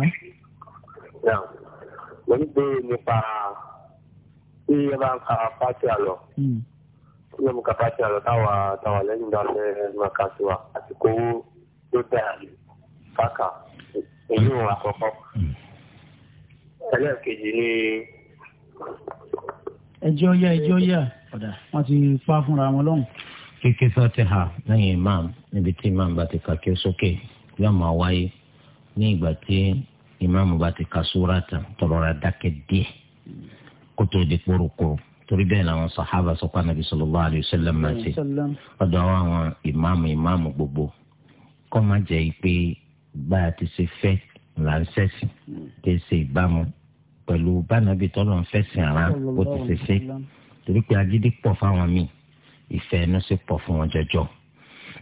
mo ní bẹ́ẹ̀ nípa tí ẹ bá ń ka pátí àlọ. tí ẹ mú ka pátí àlọ táwa táwa lẹ́yìn ìgbà fẹ́ máa kà sí wa àti kówó tó dáa káàkà èyí wọn àkọ́kọ́. Hmm. ẹlẹ́ẹ̀kejì ni ẹjọ́ yá ẹjọ́ yá ọ̀dà wọ́n ti pa fúnra wọn lọ́hùn. kíkẹ́ fatiha lẹ́yìn imam níbi tí imam bá ti kà kí sókè yóò máa wáyé ní ìgbà tí imam bá ti ka súra tán tọrọ ra dákẹ́ díẹ̀ kó tó di kórokòrò torí bẹ́ẹ̀ làwọn sàhábà sọ pé anabi sallallahu alayhi sallam máa ṣe ọ̀dọ̀ àwọn ìmáàmù ìmáàmù gbogbo kọ́ máa jẹ́ pé bá a ti ṣe fẹ́ là ń ṣẹ̀sìn kì í ìbámu pẹ̀lú bánàbí tọ́lọ̀ ń fẹ̀sìn ara bó ti ṣe ṣe torí pé agídí pọ̀ fáwọn míì ìfẹ́ ẹnu sì pọ̀ fún wọn jọjọ.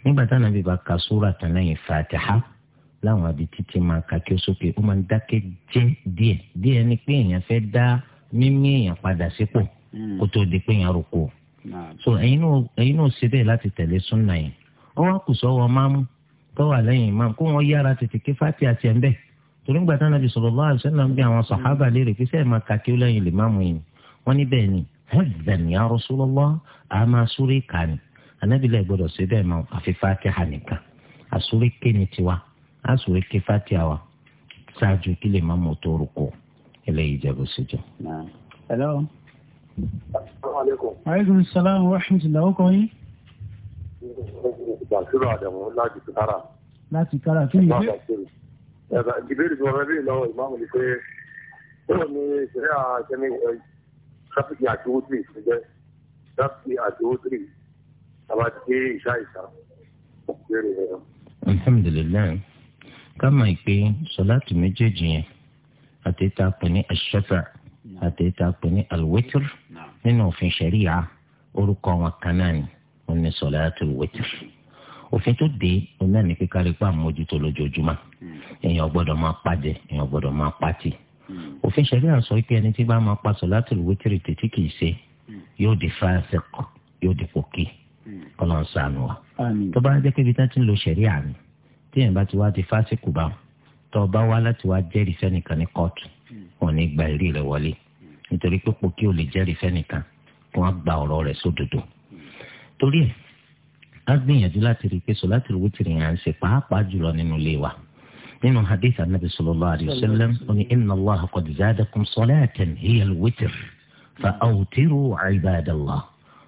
nígbà táwọn àbí bá ka sóra tán lẹ́yìn fàtẹ́há láwọn àbí títí máa ka kí ó sókè ó máa ń dákẹ́ jẹ́ díẹ̀ díẹ̀ ni pé èèyàn fẹ́ dá mímí èèyàn padà sípò hmm. kó tó di pé èèyàn roko. so ẹ̀yin náà ṣe bẹ́ẹ̀ láti tẹ̀lé súnà yẹn. ó wá kù sọ́wọ́ máàmù tọ́wà lẹ́yìn máàmù kó wọ́n yára tètè ké fàtì àti ń bẹ́ẹ̀ torí ń gbà tán nàbì sallallahu alaihi wasallam bí àwọn sàhábà léèrè pé sẹ́ẹ̀ máa kà kí ó lẹ́yìn lè má mú yìí wọ́n ní bẹ́ẹ̀ ni huddan ya Rasulullah a máa súré kà ní anábìlẹ̀ gbọ́dọ̀ ṣe bẹ́ẹ̀ máa àfi Fatiha nìkan àsúré ké ni tiwa àsúré ké Fatiha wa ṣáájú kí lè má mú tó rúkọ eléyìí jẹ́ bó ṣe aleykum salaam wa rahmatulah ọkọ yín. bàṣírò àdàmú láti kára. láti kára kí ni ìbéèrè ìbéèrè tí wọ́n fẹ́ bèèrè lọ́wọ́ ìmáàmù ni pé bọ́ọ̀ ni ìṣẹ̀lẹ̀ àṣẹmí tráfíkì àti owó tìrì ṣe jẹ́ tráfíkì àti owó tìrì àbá ìṣá ìṣá ìbéèrè rẹ̀. alhamdulilayi ká máa ń pe sọláàtì méjèèjì yẹn àti pè ní aṣọ́fà àti pè ní alwitr nínú òfin ṣẹ̀ríyà orúkọ wọn kan náà ni wọn ní sọláàtì witr òfin tó dé òun náà ní kíkárí pa àmójútó lójoojúmọ́ hmm. èèyàn gbọ́dọ̀ máa pàdé èèyàn gbọ́dọ̀ máa pàtì hmm. òfin ṣẹlẹ̀ àṣọ pé ẹni tí bá máa pa sọ̀látùl wítìrì tètè kìí ṣe hmm. yóò di fáṣẹk yóò di pòkì Ọlọ́run ṣàánú wa tó bá ń jẹ́ kébi tá ti ń lo ṣẹlẹ̀ àná tí èèyàn bá ti wá di fáṣẹkù bá tó bá wá láti wá jẹ́rìí sẹ́nìkan ní kóòtù wọn ní gba ìrí rẹ̀ wọlé nítorí pé pòkì ò lè jẹ́rìí sẹ́nìkan kí wọ́n gba ọ̀rọ̀ rẹ̀ sódodo torí ẹ̀ á gbìyànjú láti rí i pé sọláàtì wítìrì yẹn à ń ṣe pàápàá jùlọ nínú ilé wa nínú hadith anabi sallallahu alayhi wa sallam ó ní inna allah qad zadakum salatan hiya alwitr fa awtiru ibadallah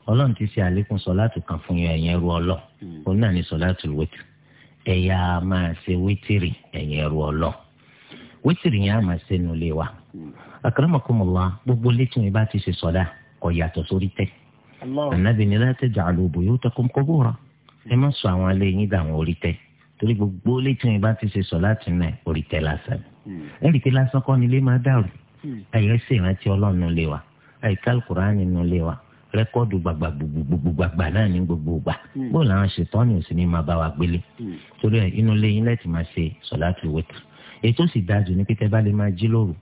ọlọ́run ti ṣe àlékún sọláàtì kan fún yẹn ẹ̀yẹn ru ọlọ́ hmm. òun náà ni sọláàtì wítìrì ẹ̀yà máa ṣe wítìrì ẹ̀yẹn ru ọlọ́ wítìrì yẹn á máa ṣe nínú ilé wa hmm. akramakumullah gbogbo létí mi bá ti ṣe sọlá ẹ má sọ àwọn alẹ́ yín dà wọ́n orí tẹ́ torí gbogbo létí wọn bá ti ṣe sọ láti náà orí tẹ́ lásán hmm. ẹ rí i pé lásán kọ́ ni ilé máa dàrú àyè hmm. ẹsẹ̀ ìrántí ọlọ́run lé wa àyè kálukùránì nínú lé wa rẹ́kọ́ọ̀dù gbàgbà gbogbo gbàgbà náà ní gbogbo gbà bó làwọn ṣètọ́ ni hmm. òsì ní máa bá wa gbélé torí ẹ inú lé yín lẹ́tì máa ṣe sọ̀látù wítìrì ètò sì dájú ní pété bá lè máa jí lóru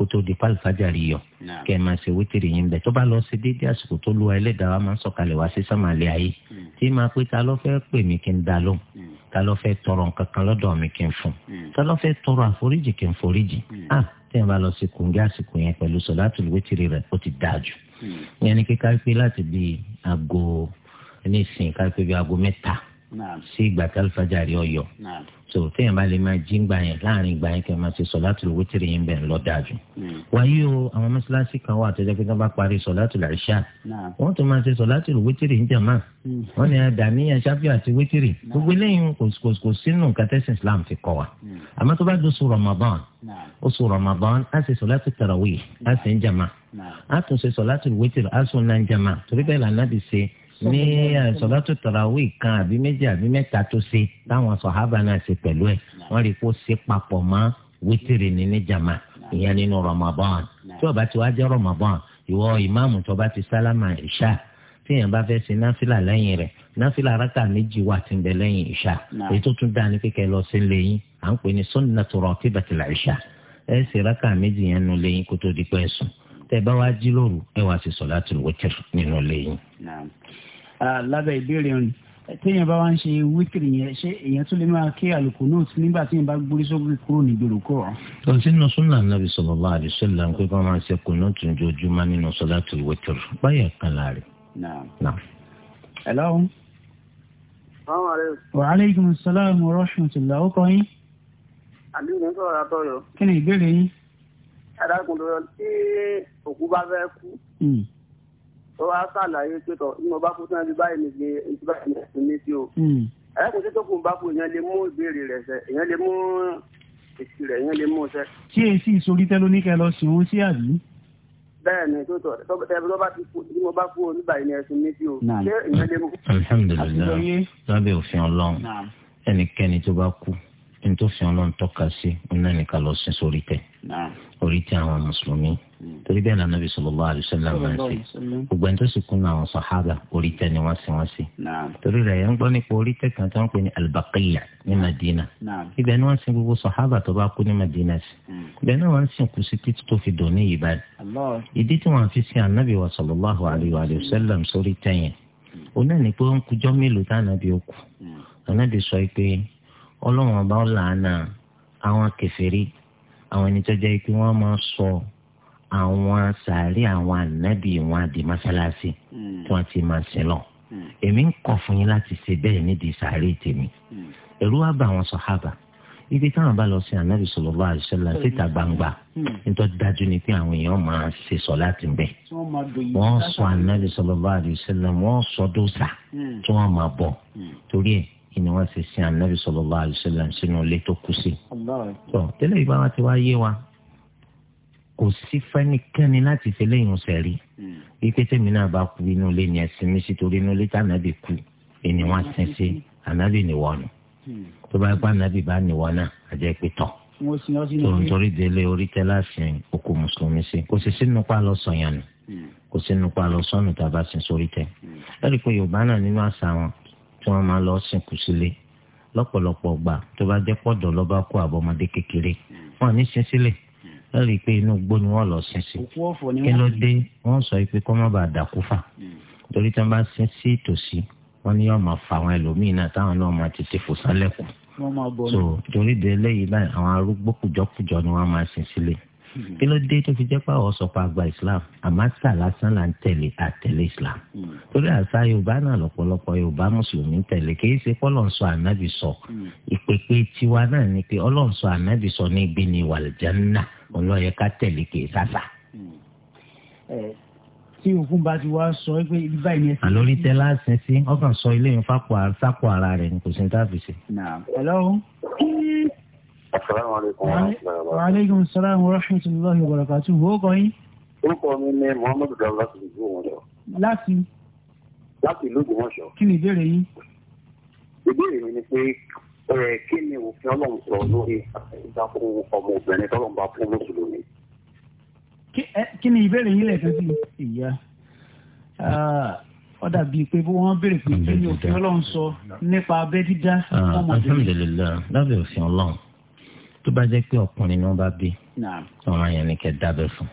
kó tó di pálífàjàrí yọ kẹ ẹ máa ṣe wítìrì yín bẹ tó bá lọ sí déédéé àsìkò tó lu ẹlẹ́dàá wa máa ń sọ̀kalẹ̀ wá sí sàmàlẹ́ ayé hmm. tí máa pé ta ló fẹ́ pè mí kí n dá lóhùn hmm. ta ló fẹ́ tọrọ nǹkan kan lọ́dọ̀ mi kí n fún hmm. ta ló fẹ́ tọrọ àforíjì kí n foríjì ah tẹ́ ẹ bá lọ sí kùngẹ́ àsìkò yẹn pẹ̀lú sọ̀láàtù wítìrì rẹ̀ ó ti dáa jù yẹn ni kíkà pé láti bíi aago nísìnyí ká pé bíi aago mẹ́ta sí ìgbà tí alifajari ọyọ so téèyàn bá lè máa jí gbà yẹn láàrin ìgbà yẹn kí wọn máa ṣe sọláàtù wítìrì yẹn bẹ́ẹ̀ lọ dájú. wáyé o àwọn mọ́ṣáláṣí kan wà tó jẹ́ pé tí wọ́n bá parí sọláàtù làṣà wọ́n tún máa ṣe sọláàtù wítìrì ń jàmá hmm. wọ́n ní àdàníyàn ṣáfì àti wítìrì gbogbo eléyìí kò sínú nǹkan Islam fi kọ́ wa. Hmm. àmọ́ tó bá doṣù Ramadan oṣù Ramadan á ṣe sọláàtù tarawih á ṣe ń jàmá á tún ṣe sọláàtù wítìrì á sùn náà ń jàmá torí bẹ́ẹ̀ lànà ní sọlátù tàràwí kan àbí méjì àbí mẹ́ta tó ṣe táwọn sọ̀hábà náà ṣe pẹ̀lú ẹ̀ wọ́n rí i kó ṣe papọ̀ mọ́ wítìrì ní ní jàmá ìyẹn nínú Ramadan tí ó bá ti wá jẹ́ Ramadan ìwọ ìmáàmù tó bá ti sálámà ìṣá tíyẹn bá fẹ́ ṣe náfìlà lẹ́yìn rẹ̀ náfìlà rákà méjì wà tí ń bẹ lẹ́yìn ìṣá èyí tó tún dáa ní kékeré lọ sí lẹ́yìn à ń pè ní sunnatu ratibatil lábẹ́ ìbéèrè rìn téèyàn bá wá ń ṣe wítìrì yẹn ṣé èèyàn tún lè máa kí àlùkùnút nígbà téèyàn bá gbórí sókè kúrò ní ìgbèrúkọ. tó ń sínú súnà nàbì sallallahu alaihi wasallam pé ká máa ṣe kùnú tún ojoojúmọ́ nínú salatul witr báyà kan láàrin. hello. wa aleykum salaam wa rahmatullah ó kọ́ yín. àbí mo ń sọ̀rọ̀ àtọ̀yọ̀. kí ni ìbéèrè yín. ẹ̀dá kùn tó yọ ó wá ṣàlàyé pé tọ ní mo bá kú tán ibi báyìí mi gbé ibi báyìí mi sùn mí sí o. Hmm. ẹ̀ẹ́dẹ́gbẹ̀sẹ̀ tó kù bá kú èèyàn lè mú ìbéèrè rẹ̀ sẹ́ èèyàn lè mú èsì rẹ̀ èèyàn lè mú sẹ́. kí èsì ìsorí tẹ́ ló ní kẹ́ lọ sí owó sí àbí. bẹ́ẹ̀ ni tó tọ̀ tẹ́bi tó bá ti kú ní mo bá kú o nígbà yìí ẹ̀sùn mí sí o. ṣé èèyàn lè mú. alhamdulilayi lábẹ́ òfin ọlọ́run tó fi ọlọ́run tọ́ka sí ọ̀nà nìkan lọ sí sórí tẹ̀ àwọn mùsùlùmí torí bẹ́ẹ̀ nànà bí sọlọ́lá àdìsọ́lá máa ń ṣe gbogbo ẹni tó sì kún àwọn sàhábà orí tẹ ni wọ́n sì wọ́n sí. torí rẹ̀ yẹn ń gbọ́ nípa orí tẹ kan tó ń pè ní albaqiya ní madina ibẹ̀ ni wọ́n sin gbogbo sàhábà tó bá kú ní madina sí. Hmm. ibẹ̀ náà wọ́n sin kú sí títí tó fi dòní yìí báyìí. ìdí tí wọ́n fi sin anabi wa sọlọ́lá àdìsọ́lá sórí tẹ yẹn òun náà ni pé ó ń kujọ́ mélòó tá anabi ó kù anabi hmm. sọ pé ọlọ́run ọba ọ̀làánà àwọn sàárì àwọn ànábì wọn àdì mọ́sálásí hmm. tí wọ́n ti máa sin lọ. Hmm. èmi ń kọ̀ fún yín láti ṣe bẹ́ẹ̀ nídìí sàárì tèmi. Hmm. ẹ̀rú wa bá àwọn sọ̀hábà ibi táwọn bá lọ sí ànábì sallallahu alaihi wasallam síta gbangba nítorí dájú ni pé àwọn èèyàn máa ṣe sọ láti bẹ̀. wọ́n sọ ànábì sallallahu alaihi wasallam wọ́n sọ dóòsà tí wọ́n máa bọ̀ torí ẹ̀ ni wọ́n ṣe sin ànábì sallallahu alaihi wasallam sínú ilé tó kú sí. tẹ́lẹ̀ ìbára kò sí fẹ́nikẹ́ni láti fi lẹ́yìn ọ̀sẹ̀ rí hmm. wípé tèmi náà bá kú inú ilé ni ẹ̀sìn mi sí torí inú ilé tí ànábì kú ẹni wọn sin sí ànábì nìwọ nù hmm. tó bá gbá ànábì bá nìwọ náà àjẹ́ pé tọ̀ tó ń torí délé orí tẹ́ láàfin okò mùsùlùmí sí kò sì sínú pa lọ sọ̀yàn nù hmm. kò sínú pa lọ sọ̀nù tá a bá sin sórí tẹ́ lórí pé yorùbá náà nínú àṣà wọn tí wọ́n máa lọ sìnkú sílé lọ́pọ̀lọpọ̀ gbà tó bá jẹ́ pọ̀dọ̀ lọ́ba kú àbọ̀mọdé kékeré wọn ní sin sílé ẹ rí i pé inú gbó ni wọ́n lọ sin sí kí ló dé wọ́n sọ pé kọ́ má bàa dàkú fà hmm. torí tí wọ́n bá sin sí tòsí wọ́n ní yóò máa fa àwọn ẹlòmíín náà táwọn náà máa tètè fò sálẹ̀kùn so torí de eléyìí báyìí àwọn arúgbó kùjọkùjọ ni wọ́n máa sin sílẹ̀ Hmm. kí ló dé tó fi jẹ́ pé àwọn sọ̀pọ̀ àgbà islam àmọ́ àṣà lásán là ń tẹ̀lé àtẹ̀lé islam hmm. torí àṣà yorùbá náà lọ́pọ̀lọpọ̀ yorùbá mùsùlùmí ń tẹ̀lé kì í ṣe pé ọlọ́run sọ ànábì sọ hmm. ìpèpè tiwa náà ni pé ọlọ́run sọ ànábì sọ ní ibi ni wàlìjánná ọlọ́yẹ ká tẹ̀lé kì í sàṣà. tí òkun bá ti wá sọ pé ibi báyìí ni. àlórí tẹ láàṣẹ sí ọkàn sọ ilé ìfapò àṣàpò ara rẹ ni kò sí ní Assalamu alaikum wa rahmatullahi wa barakatuh. Wa alaikum assalam wa rahmatullahi wa barakatuh. Wo kọ yín? Orúkọ mi ni Muhammadu Dawuda láti ìlú Òmùṣọ́. Láti? Láti ìlú Òmùṣọ́. Kí ni ìbéèrè yín? Ìbéèrè mi ni pé kí ni òfin Ọlọ́run sọ lórí ìdákùn ọmọbìnrin tọ́lọ́run bá fún Mùsùlùmí? Kí ni ìbéèrè yín lẹ́ẹ̀kan sí? Ìyá ó pé bí wọ́n béèrè pé kí ni òfin Ọlọ́run sọ nípa abẹ́ dídá ah, ọmọbìnrin? tó bá jẹ́ pé ọkùnrin ni wọ́n bá bí ọmọ yẹn ni kẹ́ dábẹ́ fún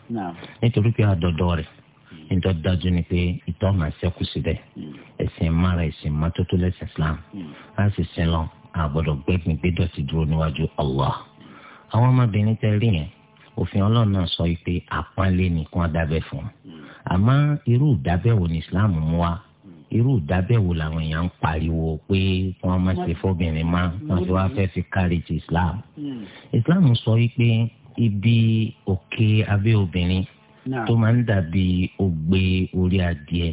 nítorí pé àdọ́dọ́ rẹ̀ hmm. nítorí dájú ni pé ìtọ́ máa ṣẹ́kù síbẹ̀ hmm. ẹ̀sìn mara ẹ̀sìn mọ́tótó lẹ́sìn Islam á hmm. sì sin lọ àgbọ̀dọ̀ gbẹ́gbin gbẹ́dọ̀tì dúró níwájú Allah àwọn ọmọbìnrin tẹ rí yẹn òfin ọlọ́run náà sọ pé àpọ́nlé nìkan dábẹ́ fún àmọ́ irú ìdábẹ́ wo ni Islam mú wa irú ìdábẹ́wò làwọn èèyàn ń pariwo pé wọ́n má ṣe fọ́bìnrin má wọ́n ti wá fẹ́ fi kárí ti islam hmm. islam sọ wípé ibi òkè abẹ́ obìnrin tó máa ń dàbí ògbé orí adìẹ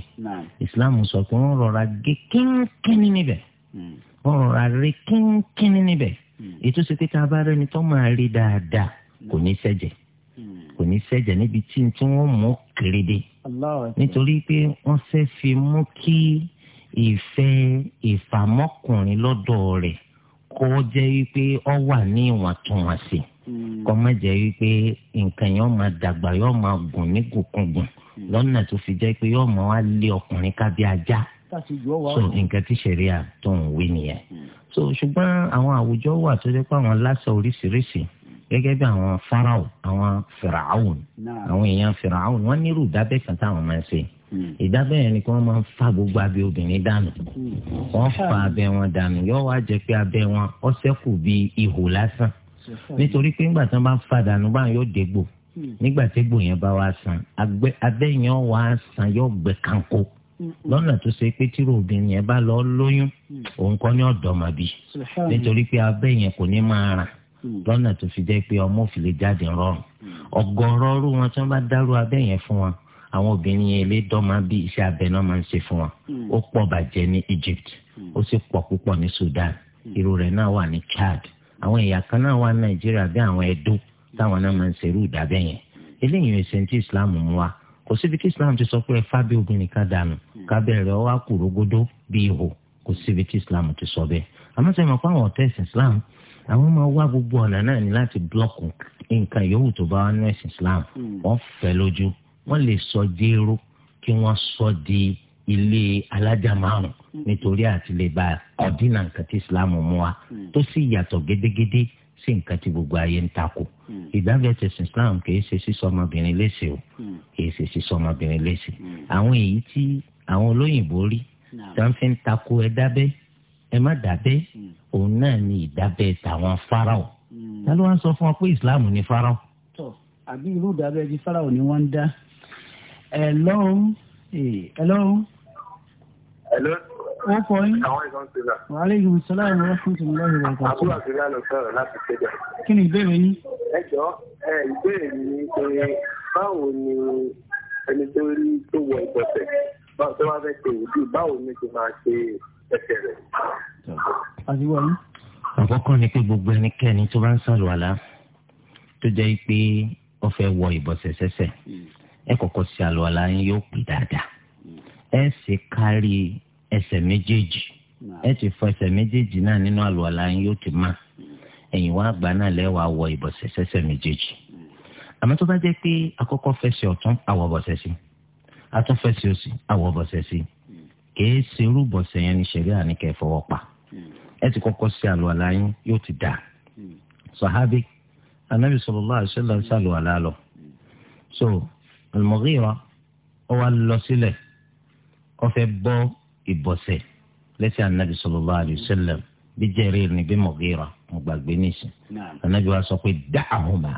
islam sọ pé wọ́n rọra gé kínkínní níbẹ̀ hmm. wọ́n rọra rí kínkínní níbẹ̀ hmm. ètò ìsèkítà abárẹ́ni tó máa rí dáadáa kò ní ṣẹ̀jẹ̀ ní ṣẹ̀jẹ̀ níbi tí tí wọ́n mú kérédé nítorí pé wọ́n fẹ́ fi mú kí ìfẹ́ ìfàmọ́kùnrin lọ́dọ̀ rẹ̀ kó jẹ́ wípé ọ wà ní ìwọ̀ntúnwọ̀nsì hmm. kó má jẹ́ wípé nǹkan yẹn máa dàgbà yóò máa gùn ní gùnkùngùn hmm. lọ́nà tó fi jẹ́ pé yóò máa wá lé ọkùnrin ká ajá so nǹkan tí sẹ̀ríà tó ń wí nìyẹn hmm. so ṣùgbọ́n àwọn àwùjọ wà tó jẹ́ pé àwọn lásà oríṣiríṣi gẹ́gẹ́ bí àwọn farao àwọn fìràáhùn àwọn èèyàn fìràáhùn wọ́n nírú ìdábẹ́ kan táwọn máa ń ṣe hmm. ìdábẹ́ yẹn ni kí wọ́n máa ń fa gbogbo abẹ́ obìnrin dànù wọ́n fa hmm. abẹ́ wọn dànù yóò wá jẹ́ pé abẹ́ wọn ó ṣẹ́kù bí ihò lásán nítorí pé nígbà tí wọ́n bá ń fa dànù báyìí yóò dégbò hmm. nígbà tí egbò yẹn bá wá san abẹ́ yẹn wá san yóò gbẹ kanko lọ́nà tó ṣe pé tírò obìnrin yẹn bá lọ lóyún òun kọ́ ní ọ̀dọ́mọbí nítorí pé abẹ́ yẹn kò ní máa ràn lọ́nà tó fi jẹ́ pé ọmọ òfin lè jáde rọrùn ọ̀gọ̀rọ̀ ọrú wọn tí wọ́n bá dárú abẹ́ yẹn fún wọn àwọn obìnrin yẹn lè dọ́mà bí iṣẹ́ abẹ náà máa ń ṣe fún wọn ó pọ̀ bàjẹ́ ní Egypt ó sì pọ̀ púpọ̀ ní Sudan irú rẹ̀ náà wà ní Chad àwọn ẹ̀yà kan náà wà ní Nàìjíríà bí àwọn Ẹdó táwọn náà máa ń ṣerú ìdábẹ́ yẹn eléyìí ẹ̀sìn tí Islam mú wa kò síbi tí Islam ti sọ pé ẹ̀fá bí obìnrin kan dànù kábẹ́rẹ́ ọ wá kúrógódó bí ihò kò síbi tí Islam ti sọ bẹ́ẹ̀ àmọ́ sẹ́yìn mọ̀ pé àwọn ọ̀tẹ́ ẹ̀sìn Islam àwọn máa wá gbogbo ọ̀nà náà ní láti blọ́ọ̀kù nǹkan yòówù tó bá wà nínú ẹ̀sìn Islam hmm. wọ́n fẹ́ lójú wọ́n lè sọ dérò kí wọ́n sọ di ilé alájà márùn hmm. nítorí àti lè ba ọ̀dínà nǹkan tí Islam mú wa hmm. tó sì yàtọ̀ gédégédé sí nǹkan tí gbogbo ayé ń takò ìdájọ́ tẹ̀sìn Islam kì í ṣe sísọ ọmọbìnrin léṣe o kì í ṣe sísọ ọmọbìnrin léṣe àwọn èyí tí àwọn olóyìnbó rí tí wọ́n fi ń takò ẹ ẹ má dàbẹ́ hmm. òun náà ni ìdábẹ́ tàwọn farao hmm. ta ló wá ń sọ fún wa pé ìsìláàmù ni farao. tọ àbí irú ìdábẹ́ bíi farao ni wọ́n ń dá ẹ lọ́hùn ẹ lọ́hùn. ẹ lọ. wọ́n kọ́ yín. àwọn ìkan ti là. wa alaikum salaam wa rahmatullahi wa barakatuh. àbúrò àti ìyá lọ sọ̀rọ̀ láti ṣẹjà. kí ni ìbéèrè yín. ẹ jọ ẹ ìbéèrè mi ni pé báwo ni ẹni tó rí tó wọ ìbọ̀sẹ̀ báwo ni ti máa ṣe àkọ́kọ́ ni pé gbogbo ẹnikẹ́ni tó bá ń ṣàlùwàlá tó jẹ́ pé ó fẹ́ wọ ìbọ̀sẹ̀ sẹ́sẹ̀ ẹ kọ́kọ́ sí àlùwàlá yín yóò pè dáadáa ẹ sì kárí ẹsẹ̀ méjèèjì ẹ ti fọ ẹsẹ̀ méjèèjì náà nínú àlùwàlá yín yóò ti má ẹ̀yìn wá gbà náà lẹ́wàá wọ ìbọ̀sẹ̀ sẹ́sẹ̀ méjèèjì àmọ́ tó bá jẹ́ pé àkọ́kọ́ fẹsẹ̀ ọ̀tún àwọ̀ bọ̀sẹ̀ sí atún fẹsẹ̀ òsì àwọ̀ bọ̀sẹ̀ sí kìí ṣe irúbọ̀sẹ̀ yẹn ní ṣẹ̀rí àníkẹ́ fọwọ́ pa hmm. ẹ ti kọ́kọ́ ṣe àlùwàlá yín yóò ti dà hmm. sàhábì anabi sallallahu alaihi wasallam ṣàlùwàlá lọ hmm. so al-Mughira ó wá lọ sílẹ̀ ó fẹ́ bọ́ ìbọ̀sẹ̀ lẹ́sẹ̀ anabi sallallahu alaihi bí Jarir ní bí Mughira mo gbàgbé níṣẹ́ anabi wa sọ pé da'ahuma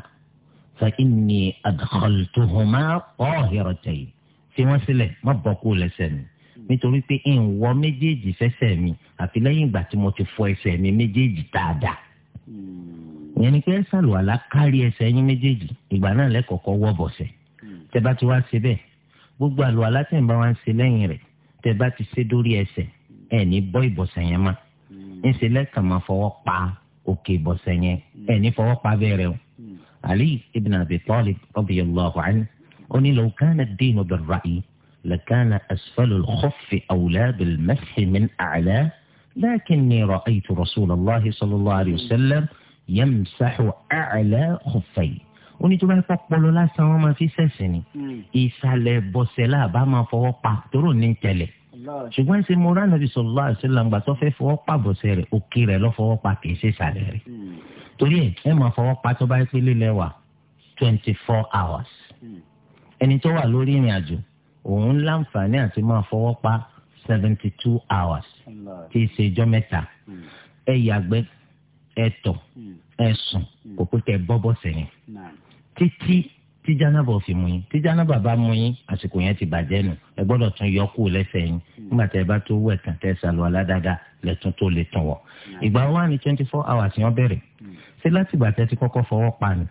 fa inni adkhaltuhuma tahiratayn fi wọ́n sílẹ̀ má bọ́ kú lẹ́sẹ̀ mi. nítorí pé ń wọ méjèèjì fẹsẹ̀ mi àfi lẹ́yìn ìgbà tí mo ti fọ ẹsẹ̀ mi méjèèjì dáadáa. Hmm. ìyẹn ni pé ẹ ṣàlùwàlá kárí ẹsẹ̀ yín méjèèjì ìgbà náà lẹ́kọ̀ọ́kọ́ wọ bọ̀sẹ̀. Hmm. tẹ bá ti wá ṣe bẹ́ẹ̀ gbogbo àlùwàlá tẹ̀ ń bá wa ń ṣe lẹ́yìn rẹ̀ tẹ bá ti ṣe dórí ẹsẹ̀ ẹ̀ ní hmm. fọwọ́ pa òkè yẹn fọwọ́ pa o. لكان أسفل الخف أولى بالمسح من أعلى، لكني رأيت رسول الله صلى الله عليه وسلم يمسح أعلى خفيه onítúbà ń fọpọlọ lásán wọn máa fi sẹ̀sìn ni ìsàlẹ̀ bọ̀sẹ̀ làbá máa fọwọ́ pa tóró ní tẹ̀lẹ̀ ṣùgbọ́n ṣe mo rán nàbì sọ̀rọ̀ láàṣẹ làǹgbà tó fẹ́ fọwọ́ pa bọ̀sẹ̀ rẹ̀ òkè rẹ̀ lọ́ fọwọ́ pa kì í ṣe ìsàlẹ̀ torí ẹ̀ ẹ̀ máa fọwọ́ pa tó bá pé twenty four hours ẹni tó wà lórí ìrìn àjò òun láǹfààní àti máa fọwọ́ pa seventy two hours tí í ṣe ijọ́ mẹ́ta ẹ yàgbẹ́ ẹ tọ̀ ẹ sùn kò pé kẹ bọ́bọ̀ sẹ́yìn títí tí jánábà ò fi mú yín tí jánábà bá mú yín àsìkò yẹn ti bàjẹ́ nù ẹ gbọ́dọ̀ tún yọ kú lẹ́sẹ̀ yín nígbà tẹ́ ẹ bá tó wẹ̀ tán tẹ́ sàlù aládàáda lẹ́tún tó lè tàn wọ̀ ìgbà wa ni twenty four hours yẹn bẹ̀rẹ̀ ṣé láti ìgbà tẹ́ ti kọ́kọ́ fọwọ́ pa ni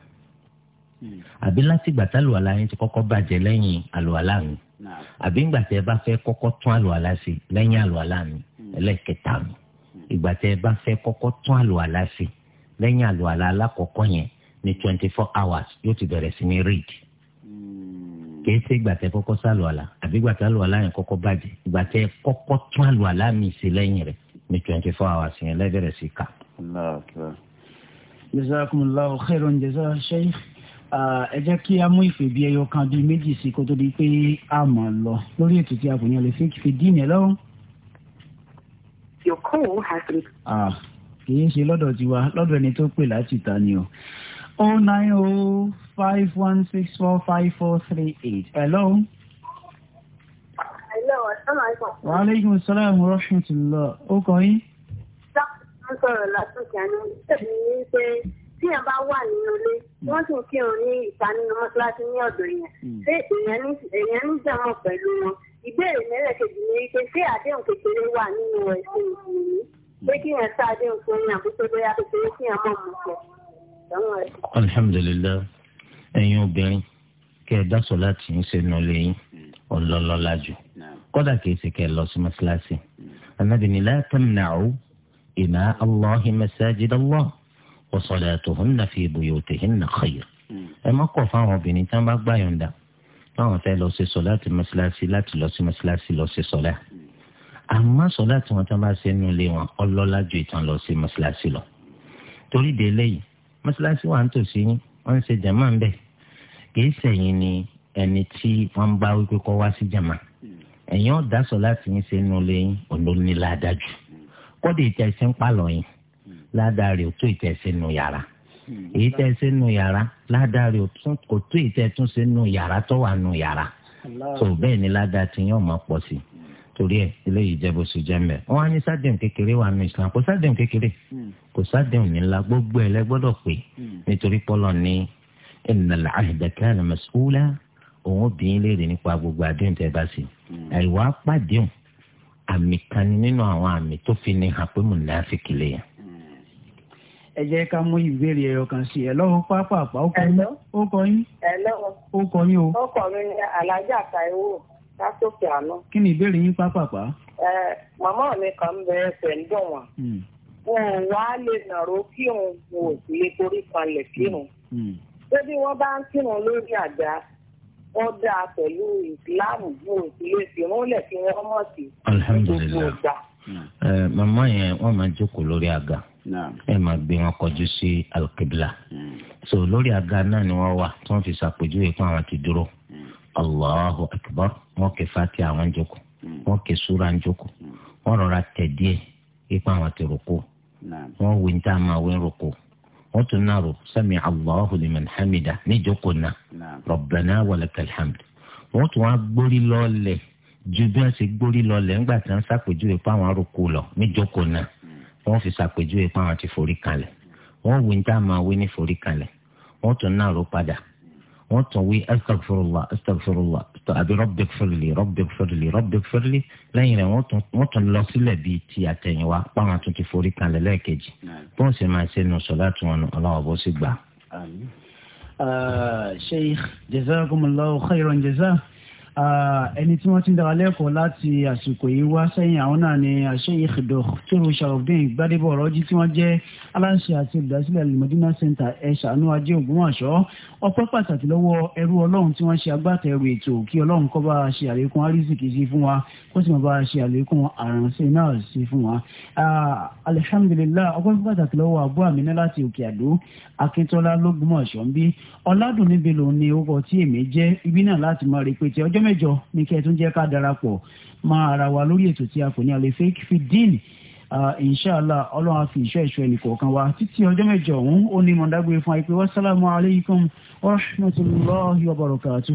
àbí láti ìgbà tá àlùwàlá yín ti kọ́kọ́ bàjẹ́ lẹ́yìn àlùwàlá mi àbí ìgbà tẹ́ ẹ bá fẹ́ kọ́kọ́ tún àlùwàlá ṣe lẹ́yìn àlùwàlá mi hmm. ẹlẹ́kẹta mi ìgbà tẹ́ ẹ bá fẹ́ kọ́kọ́ tún àlùwàlá ṣe lẹ́yìn àlùwàlá alákọ̀ọ́kọ́ yẹn ní twenty four hours yóò ti bẹ̀rẹ̀ sí ní read hmm. kìí ṣe ìgbà tẹ́ kọ́kọ́ sàlùwàlá àbí ìgbà tẹ́ àlùwàlá yẹn kọ́kọ́ bàjẹ́ ìgbà tẹ́ kọ́kọ́ tún àlùwàlá mi ṣe lẹ́yìn rẹ̀ ní twenty four hours yẹn lẹ́bẹ̀rẹ̀ sí kà. jazakumullahu khairan jaza sheikh ẹ jẹ́ kí a mú ìfè bí ẹyọ kan bíi méjì sí kó tó di pé a mọ̀ lọ lórí ètò tí a kò yàn lè fi fi dín yẹn lọ́wọ́. ah kì í ṣe lọ́dọ̀ tiwa lọ́dọ̀ ẹni tó pè láti ta ni o. o oh nine o oh five one six four five four three eight. hello. hello asalaamualeykum. wa aleykum salaam wa rahmatulah. ó kọ́ yín. sọ́kùnrin sọ̀rọ̀ lásìkò àná ṣẹ́bi ní pé tí ẹ bá wà nínú ilé hmm. wọn sì ń kírun ní ìta nínú mọ́ṣáláṣí ní ọ̀dọ̀ yẹn ṣé hmm. èèyàn ní jẹmọ́ pẹ̀lú wọn ìbéèrè mẹrẹkejì ni wípé ṣé àdéhùn kékeré wà nínú ẹ̀sìn ìsinmi pé kí yẹn sá àdéhùn fún yàn kó tó bóyá kékeré kí yẹn mọ mú pọ. alhamdulilayi ẹ̀yin obìnrin kẹ́ ẹ dá sọ láti ń ṣe nù lẹ́yìn ọlọlọlá jù kódà kìí ṣe kẹ́ lọ sí hmm. allah masajid allah wa salatuhunna fi buyutihinna khayr. ẹ má kọ̀ fáwọn obìnrin tí wọ́n bá gbà yọ̀ǹda báwọn fẹ́ lọ ṣe sọ̀láàtì mọ́ṣáláṣí láti lọ sí mọ́ṣáláṣí lọ ṣe sọ̀lá. àmọ́ sọ̀láàtì wọn tí wọ́n bá ṣe nínú ilé wọn ọlọ́lá ju ìtàn lọ sí mọ́ṣáláṣí lọ. torí de eléyìí mọ́ṣáláṣí wà ń tòsí yín wọ́n ń ṣe jàmá ń bẹ̀ kìí sẹ̀yìn ni ẹni tí wọ́n bá wípé kọ́ wá sí jàmá. ẹ̀yin ọ̀dà sọ̀láàtì yín ṣe nínú ilé yín òun ló ní ládàá rẹ̀ ò tó ìtẹ̀sí nù yàrá hmm. èyí tẹ́ ṣe nù yàrá ládàá rẹ̀ kò tó ìtẹ́ tún ṣe nù yàrá tó wà nù yàrá tó bẹ́ẹ̀ ni ládàá ti yàn máa pọ̀ sí torí ẹ̀ eléyìí jẹ́ bó ṣe jẹ́ mẹ́ wọ́n á ní sádẹ̀m kékeré wà nù Islam kò sádẹ̀m kékeré hmm. kò sádẹ̀m nílá gbogbo ẹ̀ lẹ́gbọ́dọ̀ hmm. pé nítorí pọ́lọ̀ ní innal ahda kana òun obìnrin léèrè nípa gbogbo àdéhùn tẹ́ bá sí àìwá pàdéhùn àmì kan nínú àwọn àmì tó fi ní hàn pé mùnàfíkì lèèyàn ẹ jẹ́ ká mú ìbéèrè ẹ̀rọ kan sí ẹ lọ́wọ́ pápá àpá ó kọ yín ó kọ yín ó kọ yín o. ọkọ mi ni alájà Táíwò látòkè àná. kí ni ìbéèrè yín pápá àpá. ẹ màmá mi kàn ń bẹ ẹsẹ̀ ń dùn wọ́n. Hmm. wọn ò wá lè nàró kí òun wò sí lè torí kanlẹ̀ kí òun. pé hmm. hmm. bí wọ́n bá ń kírun lórí àga wọ́n dáa pẹ̀lú ìsìláàmù bí òun sì lè fi rúnlẹ̀ kí wọ́n mọ̀ sí. alhamdulilayi màmá yẹn wọ́n máa jókòó lórí àga ẹ máa gbé wọn kọjú sí alqibla hmm. so lórí àga náà ni wọ́n wà tí wọ́n fi ṣàpèjúwe fún àwọn ti dúró hmm. allahu akbar wọ́n ké fati àwọn jókòó hmm. wọ́n ké súra jókòó wọ́n rọra tẹ̀ díẹ̀ ipa àwọn ti rúkú wọ́n wí ní tá a máa wí rúkú wọ́n tún náà rò sami allahu liman hamida ní jókòó náà rabbana walakal hamd wọ́n tún wá gbórí lọ́ọ̀lẹ̀ ju bí wọ́n ṣe gbórí lọ́ọ̀lẹ̀ ńgbà tí wọ́n ṣàpèjúwe fún àwọn rúkú lọ ní jókòó náà wọ́n fi ṣàpèjúwe pé àwọn ti forí kalẹ̀ wọ́n wí níta máa wí ní forí kalẹ̀ wọ́n tún náà ró padà wọ́n tún wí astagfirullah astagfirullah àbí rọ́bìkfirili rọ́bìkfirili rọ́bìkfirili lẹ́yìn rẹ̀ wọ́n tún lọ sílẹ̀ bíi ti àtẹ̀yìnwá páwọn tún ti forí kalẹ̀ lẹ́ẹ̀kejì bóun sì máa ṣe nù sọ́lá tí wọn ọlọ́wọ́ bó sì gbà. sheikh jazakumullahu khairan jazaa. Ah, ẹni tí wọ́n ti ń dára lẹ́kọ̀ọ́ láti àsìkò yìí wá sẹ́yìn àwọn náà ni Sheikh Dr. Sharafdeen Gbadebo Ọ̀rọ̀jí tí wọ́n jẹ́ aláṣẹ àti olùdásílẹ̀ Al-Madina Center ẹ̀ṣánú ajé Ògbómọ̀ṣọ́ ọpẹ́ pàtàkì lọ́wọ́ ẹrú ọlọ́run tí wọ́n ṣe agbátẹrù ètò kí ọlọ́run kó bá a ṣe àlékún arísìkì sí fún wa kó sì máa bá a ṣe àlékún àránṣẹ́ náà sí fún wa. Ah, alihamdulilayi ọpẹ́ pàtàkì lọ́wọ́ Abu Amina láti Òkè Àdó Akíntọ́lá lógbómọ̀ṣọ́ ń bí ọ̀làdùnníbi ni ó kọ tí èmi jẹ́ ibi náà láti máa rí pété ọjọ́ mẹ́jọ ní kí ẹ tún jẹ́ ká darapọ̀ máa ara wa lórí ètò tí a kò ní alẹ́ fake fidin inshallah ọlọ́run á fi ìṣọ́ ìṣọ́ ẹnì kọ̀ọ̀kan wa títí ọjọ́ mẹ́jọ ọ̀hún ó ní mọ̀dágbére fún wa pé wassalamu alaikum warahmatullahi wabarakatuh.